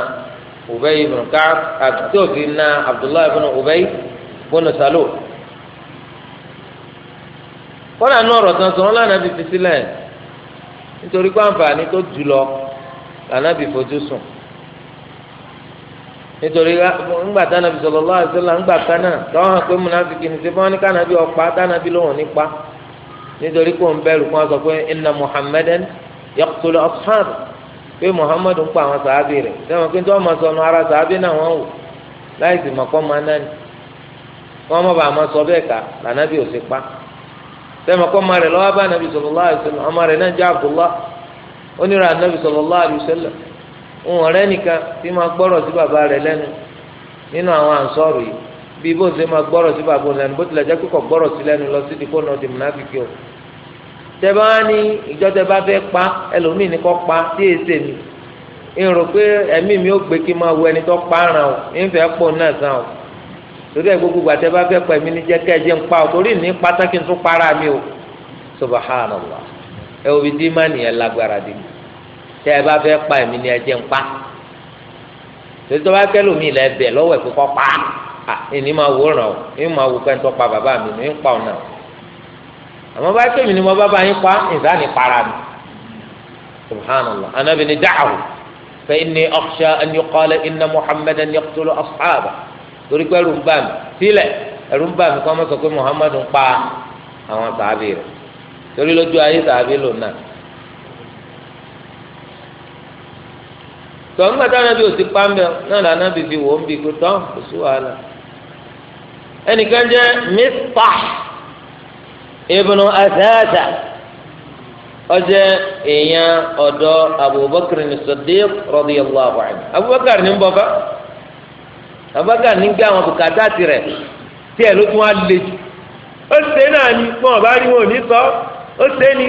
Ubay ibn Ka'b àti tí na Abdullahi ibn Ubay ibn Salul kọ́lá ní ọ̀rọ̀ tán sọ̀rọ̀ lánàbí fi sílẹ̀ nítorí pé àǹfààní tó jù lọ lànàbí fojú sùn nítorí ńgbà tánàbí sallallahu alaihi wa ńgbà kan náà hàn pé múnafíkì ní sẹ́fọ́n ní kánàbí ọ̀pá tánàbí lóhùn nípa. nítorí kó ń bẹ̀rù kó sọ pé inna muhammadan yaqtulu ashabu pé muhammad ń pa àwọn sàábì rẹ̀ sẹ́wọ̀n pé tí wọ́n máa sọ ọ̀nà ara sàábì náà wọ́n wò láì sì mọ̀ kọ́ máa náà ni wọ́n máa sọ bẹ́ẹ̀ ká pa sẹ́wọ̀n kọ́ máa rẹ̀ lọ́wọ́ bá nàbí sallallahu alaihi ọmọ rẹ̀ náà jẹ́ àbúlá onírà nàbí sallallahu alaihi wasallam òun ọ̀rẹ́ nìkan tí máa gbọ́rọ̀ sí bàbá rẹ̀ bí bó ń ṣe máa gbọ́rọ̀ sí bàbá lẹ́nu bó tilẹ̀ jẹ́ kíkọ gbọ́rọ̀ sí lẹ́nu lọ sí ìdíkó náà di mùnáfíkì o tẹ́bá ní ìjọ tẹ́bá fẹ́ pa ẹlòmíì ní kọ́ pa tí èyí sè mí ń rò pé ẹ̀mí mi ò gbé kí n máa wo ẹni tó pa ara o ń fẹ́ pò náà sàn o torí ẹ̀ gbogbo gbà tẹ́bá fẹ́ pa ẹ̀mí ní jẹ́ kẹ́ ẹ jẹ́ ń pa o torí ní pátá kí para mi o subhanallah ẹ wo ẹni máa wò ràn ọ ẹni máa wò pé ń tọ́ pa bàbá mi ní ń pa ọ̀nà àmọ́ bá tẹ̀mí ni mo bá bá yín pa ìdá ni para mi subhanallah anabi ni da'ahu fa inni akhsha an yuqala inna muhammadan yaqtulu ashaaba torí pé ẹrù ń bà mí sílẹ̀ ẹrù ń bà mí kọ́ mọ́ sọ pé muhammadu ń pa àwọn sàábì rẹ̀ torí lójú ayé sàábì lò náà. tọ́ ń gbàdá anabi ò sí pa ń náà lànà bìbí wò ń bì kó kò sí wàhálà. ẹnìkan jẹ́ Miftah ibn asaasa ọjẹ́ èèyàn ọdọ Abubakar As-Siddiq radiyallahu anhu Abubakar ní Abubakar ní gbé àwọn bùkátà ni tí ẹ̀ ló tún wá lé jù ó ṣe náà ni wọn ò bá rí wọn ó ni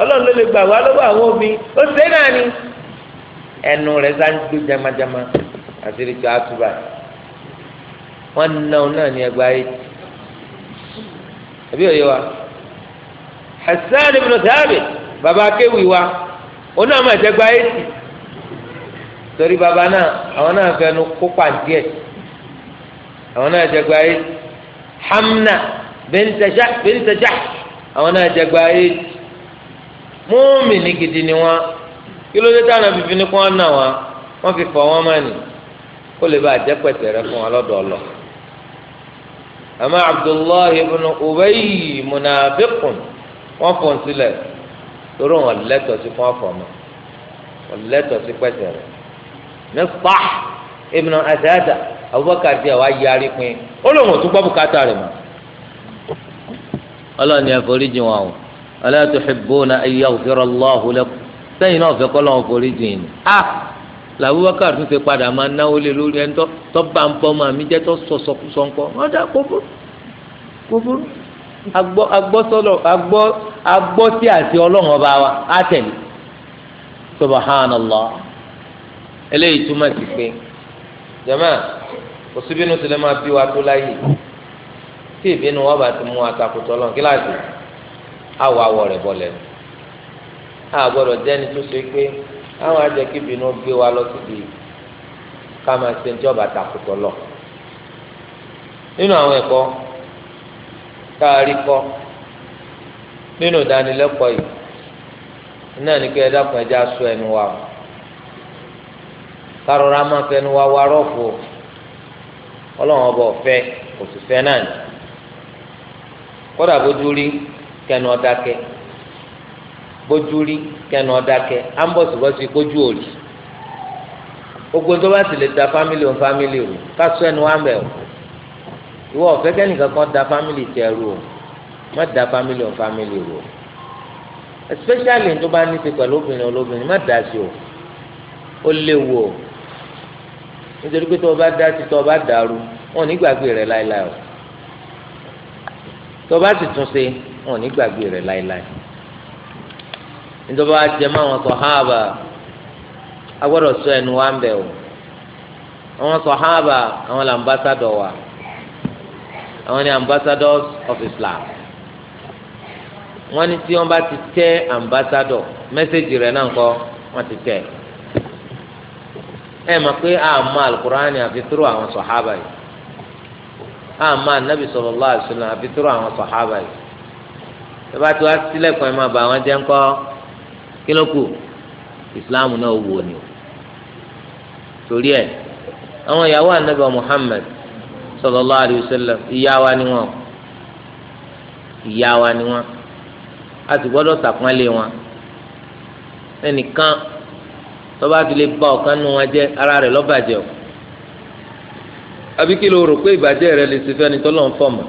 Ọlọ́run ló lè gbà wá lọ́wọ́ àwọn omi ó náà ni ẹnu rẹ̀ sá ń gbé jamajama àti wọn ná òun náà ní ẹgbàá yìí àbí òye wa Hasan ibn Thabit baba akéwì wa òun náà máa jẹgbàá yìí torí baba náà àwọn náà fẹnu kó pàǹtí ẹ àwọn náà jẹgbàá yìí Hamna bint àwọn náà jẹgbàá yìí múmi ní gidi ni wọn kí táwọn abìfin ni kí wọn wọn fi fọ wọn mọ ni kó lè bá a jẹ pẹtẹrẹ fún wọn lọ́dọ̀ àmọ́ abdullahi ibn ubayi munafikun wọ́n fọ́n sílẹ̀ torí wọn lẹ́tọ̀ sí fún afọmọ wọn lẹ́tọ̀ sí pẹsẹ rẹ nípa ibn adada abubakar díẹ̀ wá yarí pin ó lóun ò tún gbọ́ bùkátà rẹ̀ mọ́ ọlọ́ni àforíjì wọn o ala tuhibbuna an yaghfira Allahu lakum sẹ́yìn náà fẹ́ kọ́ lọ́wọ́ àforíjì yìí ni. Ah! làbúbákàr tún ṣe padà máa náwó lé lórí ẹni tó bá ń bọ́ máa mi jẹ́ tó sọ sọkúsọ ńkọ́ wọ́n dá kó burú kó burú agbọ́ agbọ́ sọlọ agbọ́ agbọ́ tí àti ọlọ́run ọba wa á tẹ̀lé subahánàlá eléyìí túmọ̀ sí pé jama kò síbínú tilẹ̀ máa bí wa tó láyè tí ìbínú wọn bá ti mú atakùtọ̀ lọ kíláàsì àwọ̀ àwọ̀ rẹ̀ bọ̀lẹ̀ àgbọ̀dọ̀ jẹ́ni tó ṣe pé. àwọn àjẹ kí bínú gbé wa lọ síbi ká máa ṣe ìjọba takùtọ̀ lọ nínú àwọn ẹ̀kọ́ tá a rí kọ́ nínú ìdánilẹ́kọ̀ọ́ yìí náà ní kí ẹ dákun ẹ já sọ ẹnu wa o kárọ̀rọ̀ a máa fẹnu wa wa rọ́ọ̀fù ọlọ́run ọba náà kódà bójú rí kẹnu bójú rí kẹnu ọ̀dàkẹ́ ambọ̀sibọ́sì kójú òrì gbogbo tó bá sì lè da fámìlì òun fámìlì o kásọ ẹnu wa mẹ o ìwọ ọ̀fẹ́ kẹ́nìkan kan da fámìlì tẹ ẹrú o má da fámìlì òun fámìlì o especially tó bá ní ti pẹ̀lú obìnrin olóbìnrin má da sí o ó léwu o nítorí pé tó o bá da sí tó o bá dàrú wọn ò ní gbàgbé rẹ láéláé o tó o bá sì tún ṣe wọn ò ní gbàgbé rẹ láéláé ndọba wàá àwọn sọhábà a sọ ẹnu wa ń bẹ o àwọn sọhábà àwọn là wa àwọn ni ambassadors of Islam wọn ni tí wọ́n bá ti tẹ ambassador mẹsẹgì rẹ̀ náà kọ ti tẹ ẹ mọ̀ pé àmọ́ alukur'ani àfi àwọn sọhábà yìí àmọ́ anabi sallallahu alaihi wasallam àfi àwọn sọhábà yìí ẹ bá ti wá ẹ kí ló kù ìsìláàmù náà wò ni o torí ẹ àwọn ìyàwó anabi muhammed sallallahu alayhi wa sallam ìyá wa ni wọn ìyá wa ni wọn a sì gbọ́dọ̀ sàpọ́nlé wọn ẹnìkan tó bá fi lè wọn jẹ́ ara rẹ̀ ló o àbí kí ló rò pé ìbàjẹ́ rẹ̀ lè ṣe fẹ́ni tó lọ́n fọ̀mọ̀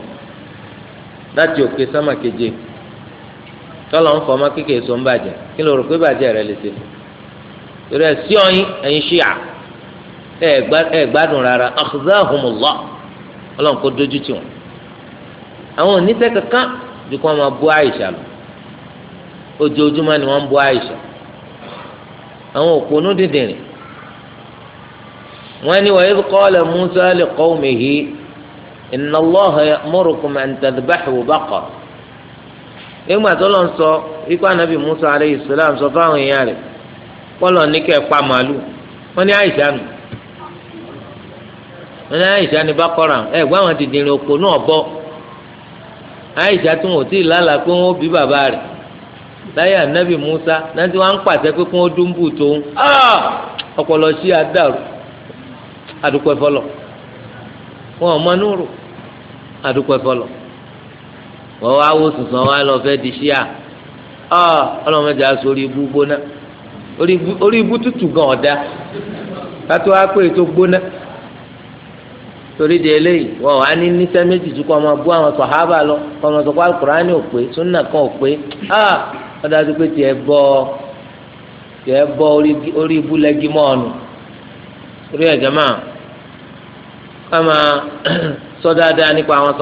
láti òkè sámà tọ́lọ̀ ń fọmọ kékeré so ń bàjẹ́ kí ló rò pé bàjẹ́ rẹ lè ṣe fún torí ẹ sí ọyìn ẹ̀yin ṣíà ẹ gbádùn rárá akhzahumullah ọlọ́run kó dojú tì wọ́n àwọn oníṣẹ́ kankan ju kí wọ́n máa bú àìṣà lọ ojoojúmọ́ ni wọ́n ń bú àìṣà àwọn òpònú dìndìnrín wọ́n ní wa idh qala Musa liqawmihi inna Allaha ya'murukum an tadhbahu baqara. nígbà tó lọ ń sọ ikú anabi musa aleyhi salam sọ fáwọn èèyàn rẹ̀ kọlọ ní kẹ pa màálù wọn ní àìsà nù wọn ní àìsà ní bákọrà ẹ gbọ́ àwọn dìndìnrín òpó náà bọ́ àìsà tí wọn tí ì lálàá pé wọn ó bí bàbá láyé anabi musa náà wọn pàṣẹ pé kí wọn dún bù tóun ah! ọpọlọ sí àdàrú àdúpẹ́ fọlọ wọn wọ́n wá wò sùn sàn wá lọ fẹ́ di ṣíà ọ ọlọ́mọdé aṣọ orí ibú gbóná orí ibú tútù gan ọ̀dá kátó wá pé ètò gbóná torí de eléyìí wọn wà ní níṣẹ́ méjì tó ọmọ bú àwọn sọ̀hábà lọ kọ́ ọmọ sọ̀kọ́ alukurani ò pé súnà kan ò pé ah wọ́n pé tiẹ̀ bọ́ tiẹ̀ bọ́ orí ibú lẹ́gí orí ẹ̀jẹ̀ máa kọ́ sọ dáadáa nípa àwọn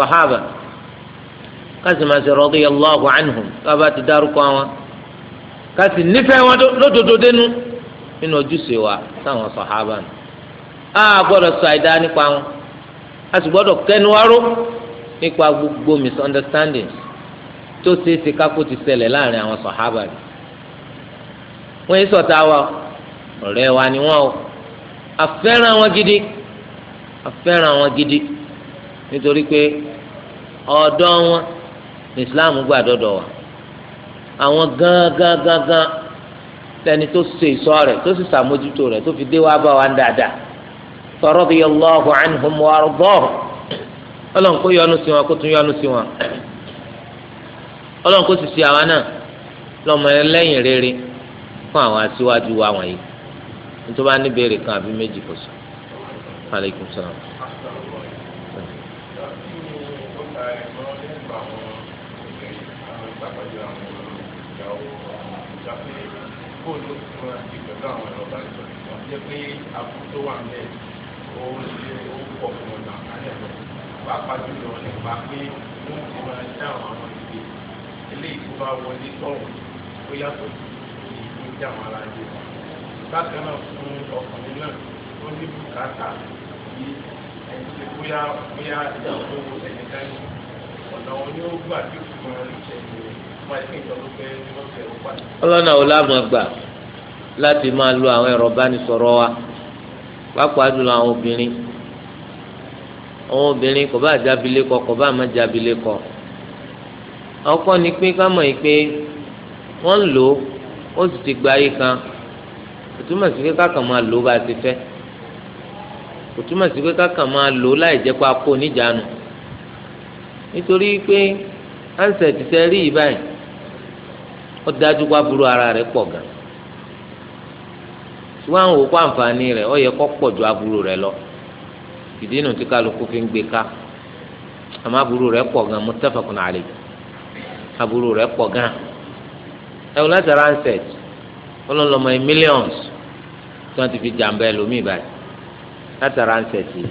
kasi ma ṣe radiyallahu anhum kaba ti dárúkọ wọn kasi nífẹ̀ẹ́ wọn lódodo dénú nínú ojúṣe wa sáwọn sọ̀hábà nù a gbọ́dọ̀ sọ àìdá nípa wọn a sì gbọ́dọ̀ kẹnuwáró nípa gbogbo misunderstandings tó ṣeé ṣe kákó ti ṣẹlẹ̀ láàrin àwọn sọ̀hábà nù wọ́n yìí ṣọ̀tá wa ọ̀rẹ́ wa ni wọ́n o àfẹ́ràn wọn gidi àfẹ́ràn wọn gidi nítorí pé ọ̀dọ́ wọn. islam gba dọdọ wa àwọn gángan gángan tó ṣe ìṣọ́ rẹ̀ tó sì ṣàmójútó re tó fi dé wá bá wa ń dáadáa radiyallahu anhum wa ardahum ọlọ́run kó yọ́nú sí wọn kó tún yọ́nú sí wọn ọlọ́run sì ṣe àwa náà lọ́mọ ẹlẹ́yìn rere fún àwọn wa wọ̀nyí nítorí wọn ní béèrè kan àbí méjì kò sọ. kó ló fún ẹ pẹ̀lú àwọn ẹ̀rọ ìbánisọ̀rọ̀ wọn jẹ́ pé àbúrò tó wà nílẹ̀ ó ṣe ó pọ̀ fún ọ̀nà àkálẹ̀ lọ pàápàá jùlọ nípa pé ó ti máa dá àwọn ìdè eléyìí tó bá wọlé tọ̀hún ó yàtọ̀ sí ìdí àwọn ará ilé bákan náà fún ọkùnrin náà ó ní bùkátà sí ẹni tí bóyá bóyá ìyàwó ẹnìkan ọ̀nà òní ó gbà ọlọ́nà ò lámọ̀ gbà láti máa lo àwọn ẹ̀rọ bánisọ̀rọ̀ wa pápá jùlọ àwọn obìnrin àwọn obìnrin kò bá jábìlẹ̀ kọ kò bá má jábìlẹ̀ kọ ọkọ ni pé ká mọ̀ yìí pé wọ́n ń lò ó sì ti gba ayé kan kò túmọ̀ sí pé kákan máa lò ó bá ti fẹ́ kò túmọ̀ sí pé kákan máa lò ó láì jẹ́ pé a kó níjànú nítorí pé ansẹ̀ ti tẹ́ rí yìí báyìí ó dájú pé aburú ara rẹ̀ pọ̀ gan ṣùgbọ́n àwọn òkú àǹfààní rẹ̀ ó yẹ kó pọ̀ ju aburú rẹ̀ lọ ìdí inú tí kálukú fi ń gbé ká àmọ́ aburú rẹ̀ pọ̀ gan muttafaqun alayhi aburú rẹ̀ pọ̀ gan ẹ wọ́n láti ránṣẹ́t ọlọ́lọ́mọ yìí millions tí wọ́n ti fi jàǹbá ẹlòmíì báyìí láti ránṣẹ́t yìí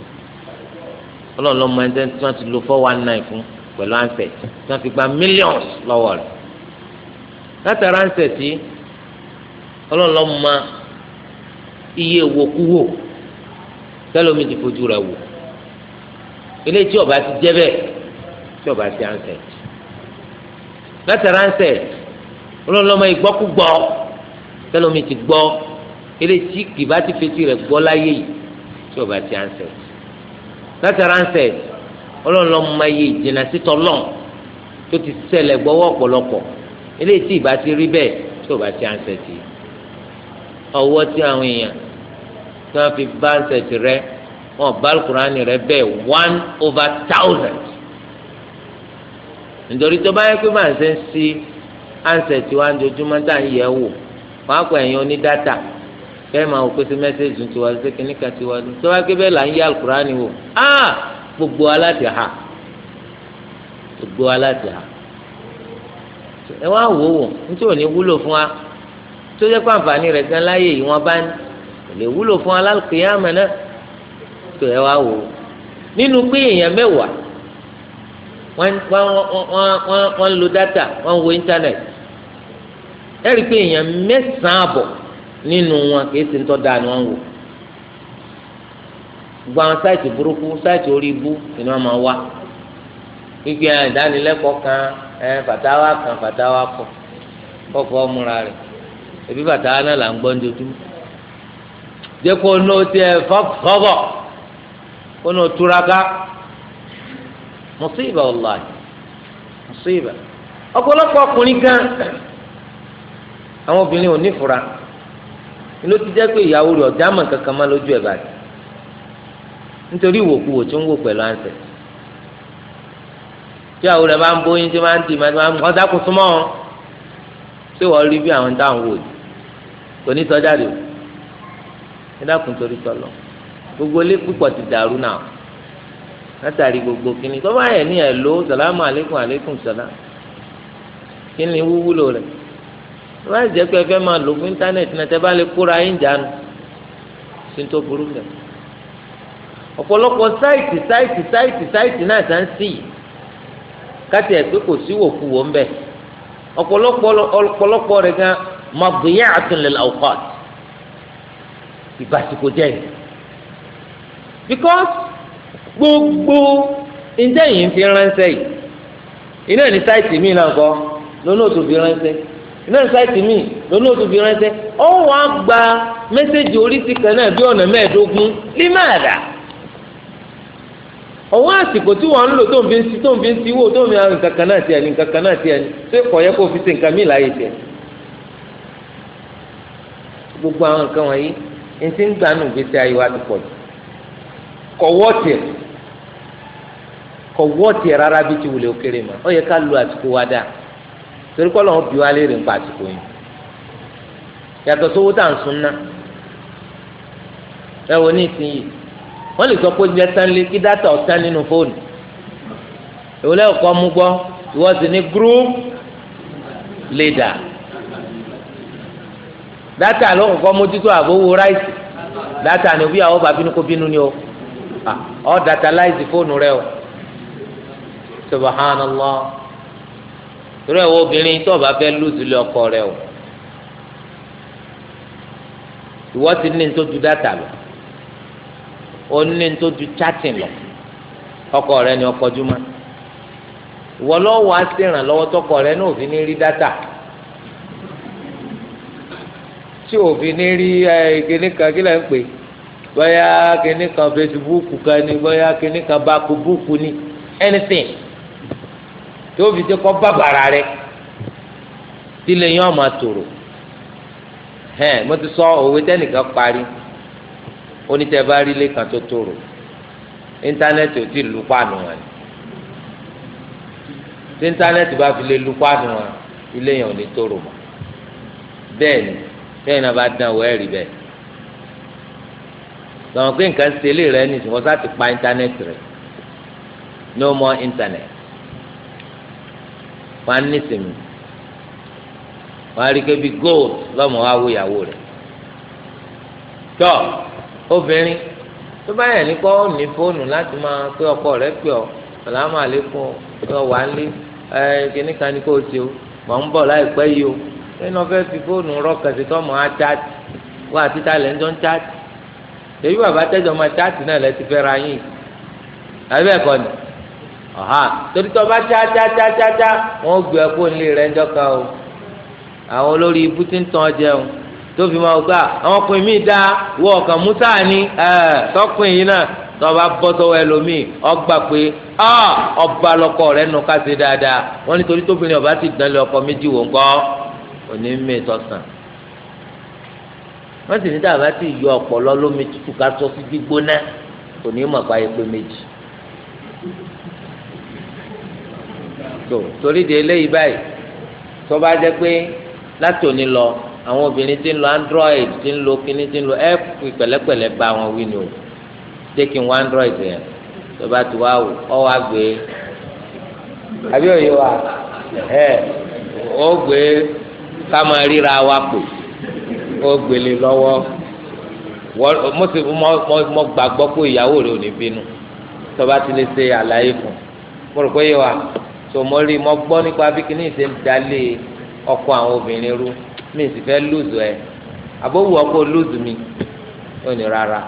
ọlọ́lọ́mọ yìí tí wọ́n ti lo four one nine fún pẹ̀lú ránṣẹ́t tí wọ́n fi gba millions lọ́wọ́ rẹ̀ látara ń sẹ̀sí ọlọ́lọ́ ma iye wòkúwò tẹ́lómi ti fojú rẹ̀ wò ilé tí ọba ti jẹ́ bẹ́ẹ̀ tí ọba ti ansẹ̀ látara ń sẹ̀ ọlọ́lọ́ ma ìgbọ́kúgbọ́ tẹ́lómi ti gbọ́ ilé tí kìbá ti fetí rẹ̀ gbọ́ láyé yìí tí ọba ti ansẹ̀ látara ń sẹ̀ ọlọ́lọ́ ma iye ìjìnlẹ̀ sítọ́ lọ́n tó ti ṣẹlẹ̀ gbọ́wọ́ ọ̀pọ̀lọpọ̀ eléyìí tí ìbá ti rí bẹ́ẹ̀ tí ò bá ti ansẹ̀tì ọwọ́ tí àwọn èèyàn tí wọ́n fi bá ansẹ̀tì rẹ wọn bá alukurani rẹ bẹ́ẹ̀ one over thousand nítorí tó bá yẹ pé màá ṣe ń sí ansẹ̀tì wa ojoojúmọ́ tá à ń yẹ wò wọ́n á pọ̀ ẹ̀yin onídàtà bẹ́ẹ̀ máa wò pé sí mẹ́sẹ̀jì tiwa sí kìnnìkan tiwa tó bá ké bẹ́ẹ̀ là ń yẹ alukurani wò ah! gbogbo aláti ha gbogbo aláti ha ẹ wá wò ó wò nítorí òní wúlò fún wa tó jẹ́ pé àǹfààní rẹ̀ gan láyè yìí wọ́n bá ní lè wúlò fún wa lálùkìyàmẹ́ náà tó ẹ wá wò ó nínú pé èèyàn mẹ́wàá wọ́n ń lo data wọ́n wo internet ẹ rí i pé èèyàn mẹ́sàn-án nínú wọn kì í sì ń tọ́ da ni wọ́n wò gbogbo àwọn sáìtì burúkú sáìtì orí ibú ni wọ́n máa wá gbígbé ìdánilẹ́kọ̀ọ́ kan ẹ fàtàwà kan fàtàwà kọ kọkọ múra rẹ ebi fàtàwà náà là ń gbọ́ kó ní o tiẹ̀ kó ní o mùsíbà mùsíbà ọkùnrin àwọn obìnrin ò ní fura ló ti jẹ́ pé ìyàwó kankan má lójú báyìí nítorí ìwòkuwò ń wò tí àwọn rẹ̀ máa ń bóyin tí máa ń dìímọ̀ tí máa ń mú ọ̀sá kùn súnmọ́ ọ́n ṣé wọ́n rí bí àwọn dáhùn wò yìí kò ní sọ́jáde o ẹ dákun torí tọ́lọ̀ gbogbo ilé púpọ̀ ti dàrú náà látàrí gbogbo kínní tó bá yẹ ní ẹ̀ ló sàlámù àlékún àlékún sàlámù kínní wúwúlò rẹ̀ tó bá jẹ́ pé ẹ fẹ́ máa lò fún íńtánẹ́ẹ̀tì náà tẹ́ bá lè kóra yín jánu sí tó burú bẹ̀ ọ̀pọ̀lọpọ̀ sáìtì sáìtì sáìtì sáìtì náà sá ń sí yìí káti ẹ̀ pé kò sí wòkú wò ń bẹ̀ ọ̀pọ̀lọpọ̀ rẹ̀ gan mọ̀gbìyà àtúnlẹ̀ ọ̀kọ́t ìbásíkò jẹ́ yìí because gbogbo ǹjẹ́ yìí ń fi ránṣẹ́ yìí iná ní sáìtì míì náà kọ́ lónà tó fi ránṣẹ́ iná ní sáìtì míì lónà tó fi ránṣẹ́ ọ̀hún á gba mẹ́sẹ̀gì orí ti kan náà bí ọ̀nà mẹ́ẹ̀ẹ́dógún límáàdà ọwọ́ àsìkò tí wọ́n ń lò tó ń fi ń si tó ń fi ń si wò tó ń fi ń nǹkan kan náà tiẹ̀ ní nǹkan kan náà tiẹ̀ ní ṣé kò yẹ kó fi ṣe nǹkan míì láàyè tiẹ̀. gbogbo àwọn nǹkan wọ̀nyí ní ti ń gbà nù gbèsè ayé wa ti pọ̀ jù kọ̀wọ́ tiẹ̀ kọ̀wọ́ tiẹ̀ rárá bí ti wùlé òkèrè mà ó yẹ ká lo àsìkò wa dáa torí kọ́ lọ́wọ́ bí wa léèrè ń pa àsìkò yìí yàtọ̀ sówó tá à ń sun ná ẹ wo ní ìsinyìí wọ́n lè sọ pé oúnjẹ tán lé kí dátà ọ̀tán nínú fóònù ìwọlé ọ̀kọ́ mú gbọ́ ìwọ sì ní group leader dátà ló kọ́kọ́ mójútó àbówó ráìsì dátà ni òbí àwọn bàbínú kó bínú ni o ọ dátà láìsì fóònù rẹ o subahánàlá torí ẹ̀wọ́ obìnrin tó o bá fẹ́ lùzù lé ọkọ rẹ o ìwọ ti ní ní tó ju dátà lọ. onílé tó ju chatting lọ ọkọ rẹ ni ọkọ juma wọ lọ́wọ́ aṣèrànlọ́wọ́ tọkọ rẹ ní òfin ní rí dátà tí òfin ní rí kíní kan kí lẹ ń pè bóyá kíní kan Facebook kan ni bóyá kíní kan báko búùkù ni anything fi ṣe kọ́ bàbàrà rẹ tí lè yàn mo ti sọ òwe tẹnìkan parí. onítẹ̀ bá rí lẹ́kàn tó tòrò íńtánẹ́ẹ̀tì ò tí ì lu páànù wọn ni tí íńtánẹ́ẹ̀tì bá fi lè lu páànù wọn ilé yẹn ò ní tòrò mọ́ bẹ́ẹ̀ ni bẹ́ẹ̀ náà bá dán owó ẹ̀rí bẹ́ẹ̀ tọ̀wọ́n pé nǹkan ṣe lè rẹ ní ìsìnkú sáà ti pa íńtánẹ́ẹ̀tì rẹ̀ no more internet wọ́n á ní ìsinmi wọ́n á rí kébi gold lọ́mọ wá wó ìyàwó rẹ̀ tọ́. So, obìnrin tó bá yẹ ní kọ́ ní fóònù láti máa pé ọkọ rẹ pè ọ́ sàlámù àlékún ọ wà ń lé ẹ kíní kan ní kó o ṣe o mọ̀ ń bọ̀ láìpẹ́ yìí o nínú ọ̀fẹ́ fi fóònù rọ́ọ̀kẹ̀sì tó mọ̀ á chaati wá àti ta lẹ́ ń jọ ń chaati èyí bàbá tẹ́jọ́ máa chaati náà lẹ́ ti fẹ́ ra yín àbẹ́ ẹ̀kọ́ ni ọ̀hà torí tó bá chaachaachaachá wọ́n gbé ẹ̀kọ́ nílé rẹ̀ ń jọ́ka o àwọn olórí ibú ti ń tàn jẹun tó fi máa gbà àwọn ọkùnrin mi dá wọ ọkàn musa ni tọkùnrin yìí náà tọba bọ́ sọ́wọ́ ẹlòmíì ọgbà pé ọba lọkọ rẹ nù ká ṣe dáadáa wọn nítorí tóbìnrin ọba ti dán lé ọkọ méjì wò ńkọ́ òní mi sọsàn wọn sì ní dàbá ti yọ ọpọlọ lómi tútù ká sọ sí gbígbóná òní mọ̀ pa epo méjì. tó torí de eléyìí báyìí tọ́ba jẹ́ pé látòní lọ àwọn obìnrin tí ń lo android tí ń lo kíní tí ń lo ẹ pẹ̀lẹ́pẹ̀lẹ́ bá wọn wí ni o taking one android yẹn tó bá ti wá wò ọ wá gbé àbí òye wa ẹ ó gbé ká máa ríra wa pò ó gbélé lọ́wọ́ mo sì mo gbàgbọ́ pé ìyàwó rẹ ò ní bínú tó bá ti lè ṣe àlàyé fún mo rò pé yé wa tó mo mo gbọ́ nípa bí kíní ìṣe ń dalé ọkọ àwọn obìnrin rú mi sì fẹ́ lùzù ẹ àbówù ọkọ lùzù mi ó ní rárá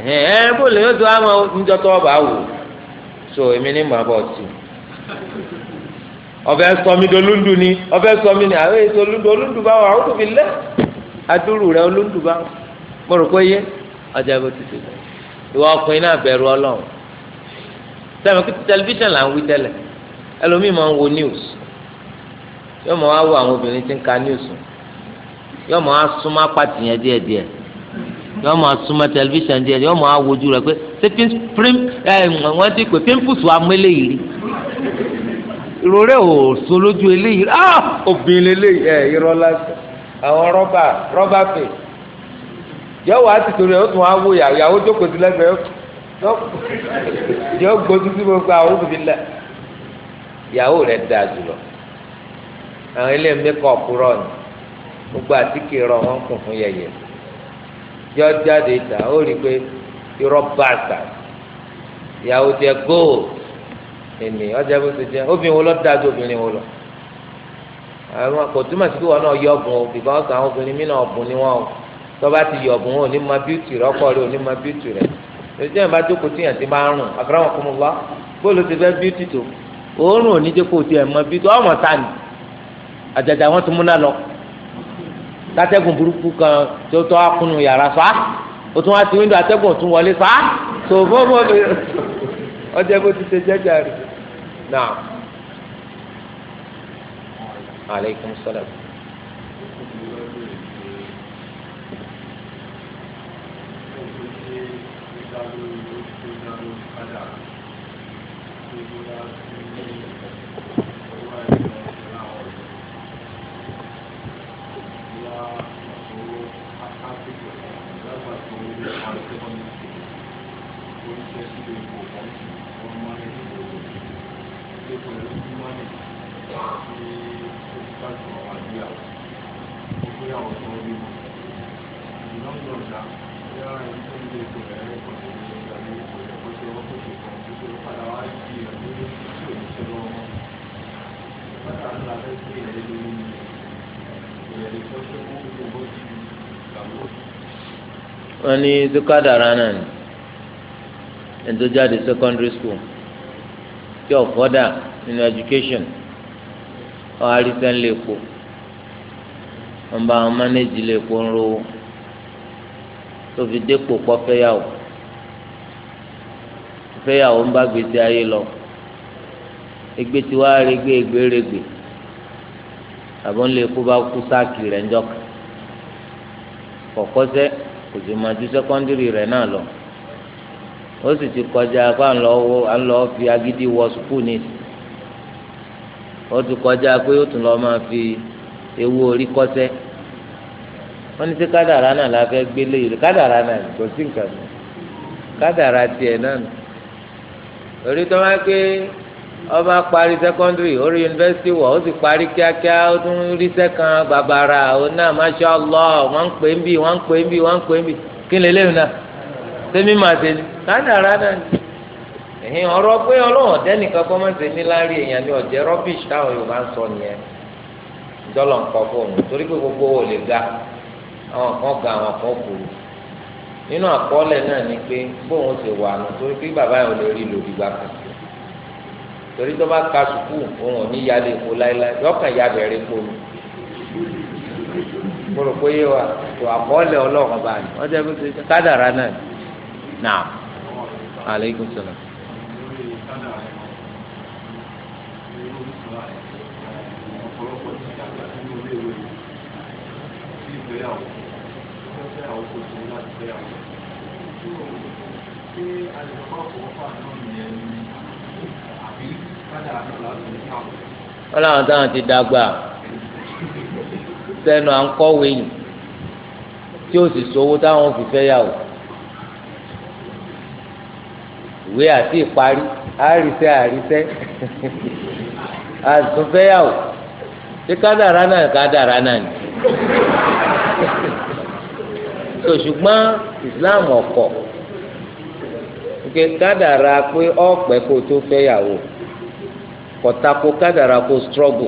ẹ ẹ bó lè yóò tó àwọn níjọ tó ọba wò so èmi ní màá bọ̀ tì ọbẹ̀ sọmi dolúndu ni ọbẹ̀ sọmi ni àwọn èso olúndu olúndu bá wà áwùjọ fi lẹ́ adúrú rẹ olúndu bá wà mo rò pé yé ọjà bó ti ṣe ìwà ọkùnrin náà bẹ̀rù ọlọ́run sẹ́mi kí tẹlifíṣàn là ń wí tẹ́lẹ̀ ẹlòmíì máa ń wo news yóò máa wá wo àwọn obìnrin tí ń ka news yọ mọ asúnmọ́ apàtì yẹn díẹ̀ díẹ̀ yọ mọ asúnmọ́ tẹlifíṣàn díẹ̀ díẹ̀ yọ mọ awojú rẹ pé ṣé pín ẹ wọn ti pè pímpùsù amúlẹ yìí rí ò so eléyìí ah obìnrin eléyìí ẹ irọ́ lásán àwọn rọ́bà rọ́bà fè yọ̀wọ̀ àti torí ọ̀tún wa wò yà yàwó jókòó sí lẹ́gbẹ̀ẹ́ yọ gbójú sí gbogbo àwọn òbí lẹ̀ yàwó rẹ̀ dáa jùlọ àwọn eléyìí mẹ́kọ̀ọ̀pù rọ̀ ni gbogbo àtìkè rọ wọn kún fún yẹyẹ yọ jáde ìta ó rí i pé irọ́ bàtà ìyàwó jẹ góòlù èmi ọjà bó ti jẹ obìnrin wo lọ da ju obìnrin wo lọ àwọn kò túmọ̀ sí pé wọn náà yọ ọ̀bùn o because àwọn obìnrin mi náà ọ̀bùn ni wọn o tọ́ba ti yọ ọ̀bùn ò ní ma bíútì rẹ ọkọ rẹ ò ní ma bíútì rẹ lójú ẹ̀ bá jókòó tí yàn ti máa rùn àkàràwọ̀n kò mú wá bóòlù ti fẹ́ bíútì tó òórùn ò ní jẹ́ kó o ti ẹ̀ bíútì ọmọ ta àjàjà wọn ti múná lọ tátẹ́gùn burúkú kan tó tọ́ akúnnu yàrá fa o tún wá ti wíńdò atẹ́gùn tún wọlé fa tó fọ́fọ́ ọjọ́ bó ti ṣe jẹ́jà rẹ̀ náà. aleykum salaam. Thank you. wọn ní zikadara náà ni ẹni secondary school tí ọ̀fọ́dà nínú education ọ̀ àrísẹ́ ń lè kó wọn bá wọn manage lè kó ń rówó tó fi dépò kọ́ fẹ́yàwó fẹ́yàwó ń bá gbèsè ayé lọ egbe tí wàá regbe egbe regbe àbọ̀ ń lè kó bá kú sáàkì rẹ̀ ńjọ́ kọ̀kọ́sẹ́ kò sì máa ju sẹ́kọ́ndìrì rẹ̀ náà lọ ó sì ti kọjá pé à ń fi agídí wọ sùkúù ní ó ti kọjá pé ó tún lọ máa fi ewu orí kọ́sẹ́ wọ́n ní sí náà la fẹ́ gbélé yìí kádàrá náà kò sí nǹkan kádàrá tiẹ̀ náà orí ọba parí sẹkọndiri orí yunifásitì wọ ó sì parí kíákíá ó tún ríṣẹ́ kan bàbàrà ó náà masha allah wọn ń pè ń bì wọn ń pè ń bì wọn ń pè ń bì kí ni eléyìí náà sẹmi máa ṣe ni rádà rádà ni ẹ̀hìn ọ̀rọ̀ pé ọlọ́run ọ̀dẹ́ nìkan máa ṣe ní láàrin èèyàn ni ọ̀jẹ́ rubbish táwọn yorùbá ń sọ gbogbo lè ga àwọn kan ga àwọn kan kúrú nínú náà ni pé bóun ṣe wà nù torí tó bá ka sùkú òun ò ní yálé epo láéláé yọkàn ya bẹ̀rẹ̀ epo mi mo rò pé yé wa tó àkọọ́lẹ̀ ọlọ́run bá ní wọ́n bí ṣe kádàrá náà nà aleykum salaam wọ́n làwọn táwọn ti dàgbà sẹ́nu à ń kọ́wé yìí tí ó sì sówó táwọn fi fẹ́ yà wò ìwé àti ìparí àrísẹ́ àrísẹ́ àtúnfẹ́yàwó ṣé kádàrá náà kádàrá náà ni so ṣùgbọ́n Islam ọ̀kọ̀ kádàrá pé ọ̀pẹ́ kó tó fẹ́yàwó kọ̀tako kádàrà kó strọ́gù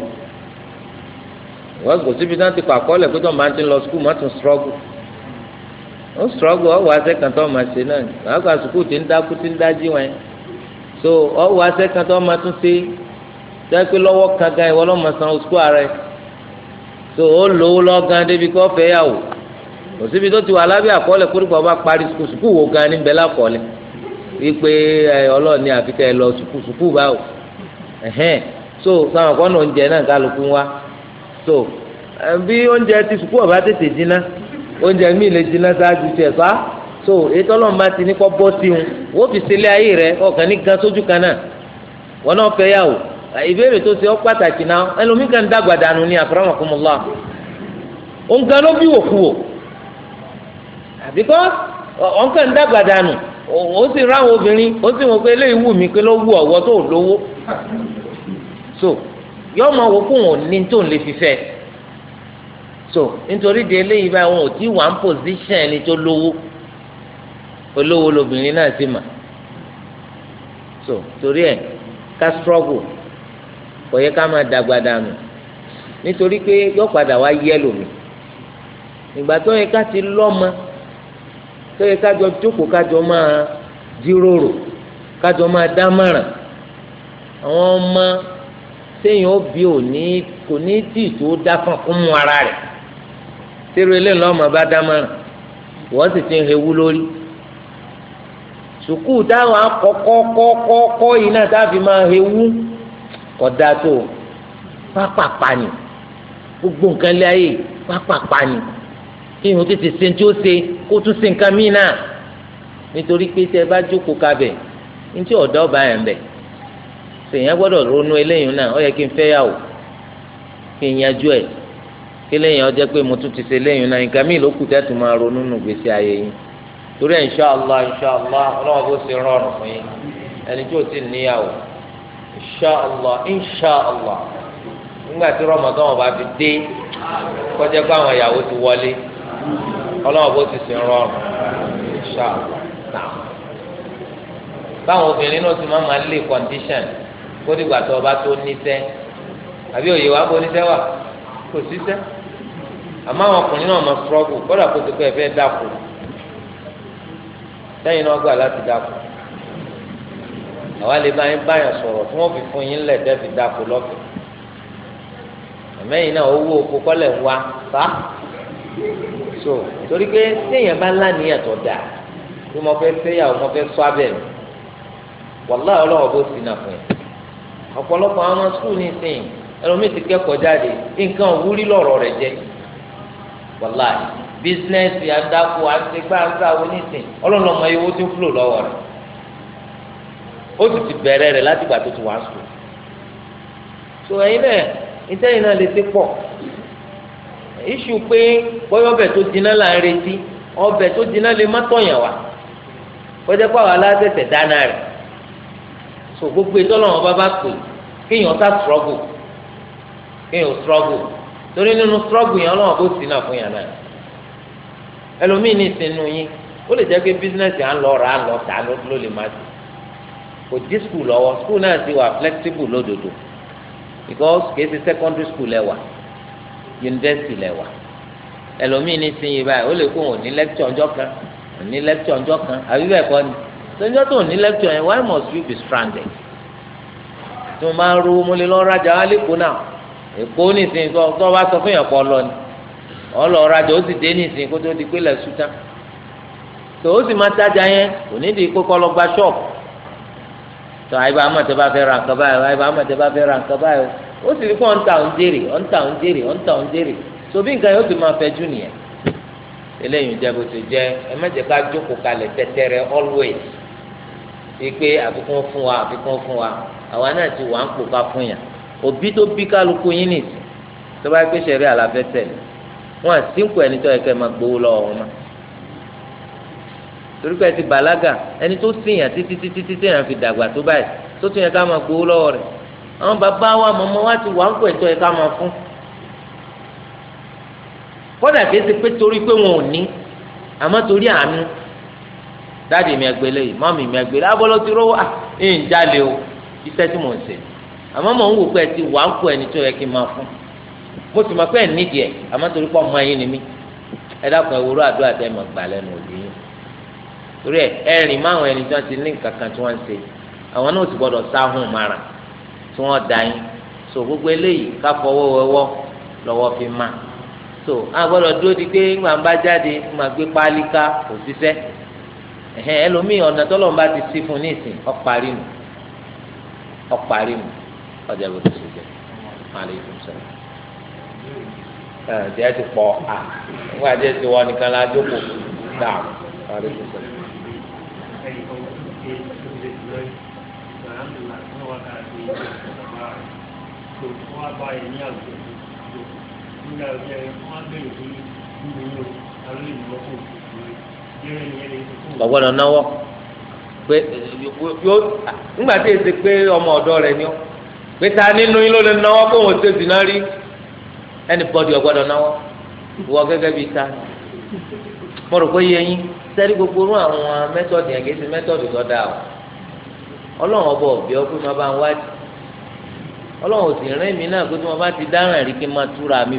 wọ́n kò síbi náà ti kọ́ àkọọ́lẹ̀ pé tó máa ti lọ skul máa tún strọ́gù ó strọ́gù ọ̀wọ́ asẹ́kàn tó máa ṣe náà wọ́n kọ́ àsùkú tí ń dákú tí ń dájí wọn so ọ̀wọ́ asẹ́kàn tó máa tún ṣe dápé lọ́wọ́ kankan ìwọ lọ́mọ san skul ara ẹ̀ so ó lówó lọ́gán débi kọ́ fẹ́ yà wò kò síbi tó ti wà lábẹ́ àkọọ́lẹ̀ kó nípa ọba parí skul skul wo gan níbẹ̀ lákọọ́lẹ̀ wípé ọlọ́ọ̀ni àfikẹ́ lọ skul skul báwò ẹ̀hẹ́n so sáwọn kan náà oúnjẹ náà kálukú wa so bí oúnjẹ ti sùkúù ọ̀bá tètè jiná oúnjẹ míì lè jiná sáájú tiẹ̀ so ètò ọlọ́run ti ní kọ́ bọ́ sí un fi sílé ayé rẹ ọkàn ní gan sójú kan náà wọn náà fẹ́ yà wò ìbéèrè tó ṣe ọ́ pàtàkì náà ẹlòmíì kan dàgbà dànù ní àfọwọ́mọkùnmọ́lá òǹkan ló bí wòkú wò àbíkọ́ òǹkan dàgbà ó sì ráwọn obìnrin ó sì pé eléyìí wù mí pé ló wù tó lówó so yọọ máa wò fún òun ní tó ń lè fi so nítorí di eléyìí báyìí wọn ò tí wà ń pòsíṣàn ẹni tó lówó olówó lobìnrin náà sì mà so torí ẹ ká struggle kò yẹ ká máa dàgbà dànù nítorí pé yọọ padà wá yẹ lómi ìgbà tó yẹ ká ti lọ́mọ tó yẹ ká jọ jókòó ká jọ máa jíròrò ká jọ máa dámọ̀ràn àwọn ọmọ. téèyàn obi bí òní kò ní tí tó dá ara bá dá mọ́ràn sì ti ń hewú lórí sùkúù táwọn akọ́kọ́kọ́kọ́ yìí náà táfi máa hewú kódà tó pápápá ni gbogbo nǹkan lé ayé pápápá ni kí ìhun tètè ṣe tí ó ṣe kó tún ṣe nǹkan míì náà nítorí pé tẹ bá jókòó ní tí sèyàn gbọdọ ronú eléyìí náà ó yẹ kí n fẹ́ yàwó kí n yanjú ẹ̀ kí lẹ́yìn ọjọ́ pé mo tún ti se náà nǹkan míì ló kù tẹ́tù máa ronú nù gbèsè ayé yín torí ẹ̀ inṣàlá inṣàlá bó ṣe rọrùn fún yín ẹni tí ò níyàwó inṣàlá inṣàlá nígbà tí fi dé kọjá pé àwọn ìyàwó ti wọlé bó ṣe rọrùn inṣàlá kó dìgbà tó ọba tó níṣẹ́ àbí òye wa bó wa wà kò síṣẹ́ àmọ́ àwọn ọkùnrin náà mọ sọrọgù kódà kó tó pé ẹfẹ dàkú sẹ́yìn náà gbà láti dàkú àwa lè bá yín fi fún yín lẹ̀ dẹ́fi dàkú náà owó oko kọ́lẹ̀ wa fa so torí pé bá lánìyàn tó mo mo sọ mi ọ̀pọ̀lọpọ̀ àwọn sùkúù ní sìn ẹlòmíì ti kẹ́kọ̀ọ́ jáde nǹkan òwúrí lọ̀rọ̀ rẹ̀ jẹ́ wàláì bísínẹ́sì àdàkù àtẹgbà àgbàwò ní sìn ọlọ́run ọmọ ewu tó fúlò lọ́wọ́ rẹ̀ ó sì ti bẹ̀rẹ̀ rẹ̀ láti gbà tó ti wá sùkúù so ẹ̀yin náà ìtẹ́yìn náà lè ti pọ̀ iṣu pé bọ́yọ̀ ọbẹ̀ tó jiná là ń retí ọbẹ̀ tó jiná lè má tọ̀yàn wá kọjá pàwọn alásẹ̀tẹ̀ dáná rẹ̀ so gbogbo ìtọ́lọ́wọ́n bá bá pè kéèyàn sá struggle kéèyàn struggle torí nínú struggle yẹn ọlọ́wọ́n bó sì náà fún yàn náà ẹlòmíì ní ìsinú yín ó lè jẹ́ pé bísínẹ́sì à ń lọ rà á lọ tà ló lè má sí kò dí skul lọ́wọ́ skul náà ti wà flexible lódodo because kìí ṣe secondary school lẹ́wà university lẹ́wà ẹlòmíì ní ìsinyìí báyìí ó lè kó òun ní lecture ọjọ́ kan òun ní lecture ọjọ́ kan àbí bẹ́ẹ̀ kọ́ ni sọ́jọ́ tó ní why must you be stranded tó máa ń ro lọ rajà wá lẹ́kọ̀ọ́ náà èkó tó bá lọ ni ọlọ rajà ó sì dé nìsín kó tó di pé tán tó o sì máa tajà yẹn kò ní di pé kọ́ lọ gba ṣọ́ọ̀bù tó àyíbá amọ̀tẹ́ bá fẹ́ ra nǹkan báyìí àyíbá amọ̀tẹ́ bá fẹ́ ra nǹkan báyìí ó sì nǹkan yóò ti máa fẹ́ jù nìyẹn eléyìí bó ti ẹ má ká jókòó always pé àfikún fún wa àfikún fún wa àwa náà ti wà ń pò ká fún yàn òbí tó bí kálukú yín nìyí tó bá gbé sẹ̀rí àlàfẹ́ tẹ̀lé wọn àsìkò ẹni tó yẹ kẹ́ máa gbowó lọ́wọ́ wọn máa torí pé ẹ ti bàlágà ẹni tó sèyàn títí títí títí yàn fi dàgbà tó báyìí tó tún yẹ ká máa gbowó lọ́wọ́ rẹ̀ àwọn bàbá wa màmá wa ti wà ń pè tó yẹ ká máa fún kódà kìí ṣe pé torí pé wọn ò ní àmọ́ torí àánú dadi mi ẹgbẹ́ lẹ́yìn mọ́mì mi ẹgbẹ́ lẹ́yìn abọ́lọ́ ti ah, ń jalè o iṣẹ́ tí mò ń ṣe àmọ́ mò ń wò pé ti wà ń kó ẹni tó yẹ kí n máa fún mo sì nídìí torí ọmọ yín ni mí ẹ dákun ẹ wúrọ̀ àdúrà ti ní mara tí so gbogbo eléyìí ká fọwọ́ lọ́wọ́ fi so a dúró di pé ńgbà ń bá jáde ńgbà gbé òṣìṣẹ́ ẹ̀hẹ́n ẹlòmíì ọ̀nà tọ́lọ́run bá ti sí fún nísìn ọ̀parí nù ọ̀parí nù ọjà bó ti ṣe jẹ maaleykum sọ ẹ̀ díẹ̀ ti pọ̀ à nígbà díẹ̀ ti wọ nìkan la jókòó dáa maaleykum sọ. Thank you. ọ̀gbọ́dọ̀ náwó pé yóò nígbà èsì pé ọmọ ọ̀dọ́ rẹ̀ ni ó pé ta nínú yín ló lè náwó kó wọn ṣe zìnnà rí anybody ọ̀gbọ́dọ̀ náwó wọ gẹ́gẹ́ bíi ta mo rò pé gbogbo rún àwọn yẹn ṣe tó dáa o ọkùnrin máa bá ń ti máa túra mi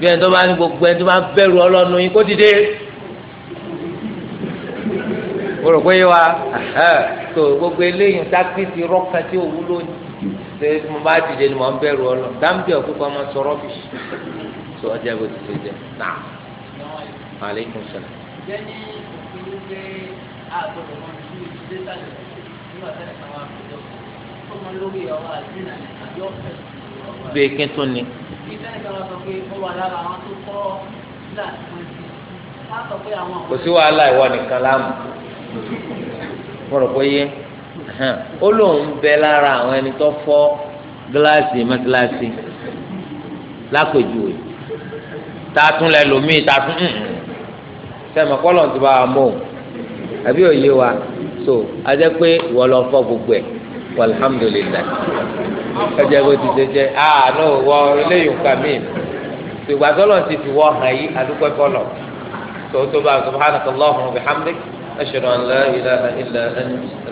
bí ẹni tó bá ní gbogbo ẹni tó bá bẹ̀rù ọlọ́nu yín kó dìde o rò pé yé wa tó gbogbo eléyìí sákìtì rọ́ọ̀kan tí ò wúlò ní ṣe mo bá dìde ni mo ń bẹ̀rù ọlọ́nu dáńbì ọ̀kúkọ ọmọ sọ rọ́bìṣì tó ọjà bó ti ṣe jẹ náà maaleykum salaam. jẹ́ ní òfin pé àgbọ̀dọ̀ máa ń tún ìdílé sálẹ̀ nígbà tẹ́lẹ̀ kan wá àpéjọ fún ọmọ lórí ọwọ́ àdínà àbí ọ̀fẹ́. bí ekin tún ni ibi sẹ́ni kan sọ pé ó wà lára àwọn tó kọ́ sílà tí wọ́n ti wọ́n sọ pé àwọn. kò sí wàhálà ìwọ nìkan láàmú mo rò pé yé ó lóun bẹ lára àwọn ẹni tó fọ́ gíláàsì mọ́gíláàsì lápèjúwe tààtún lẹ lómi tààtún sẹ́mi kọ́lọ̀ ti bá wa mọ̀ àbí òye wa so a jẹ́ pé ìwọ lọ gbogbo ẹ̀ walhamdulilayi ẹjẹ bó ti ṣe jẹ aa ah, no wọ eléyìí nǹkan mi ìgbà tọ́lọ̀ ti fi wọ́ hàn yí adúpẹ́ fọlọ̀ tó tó bá subhanaka allahumma wa bihamdik ashhadu an la ilaha illa anta.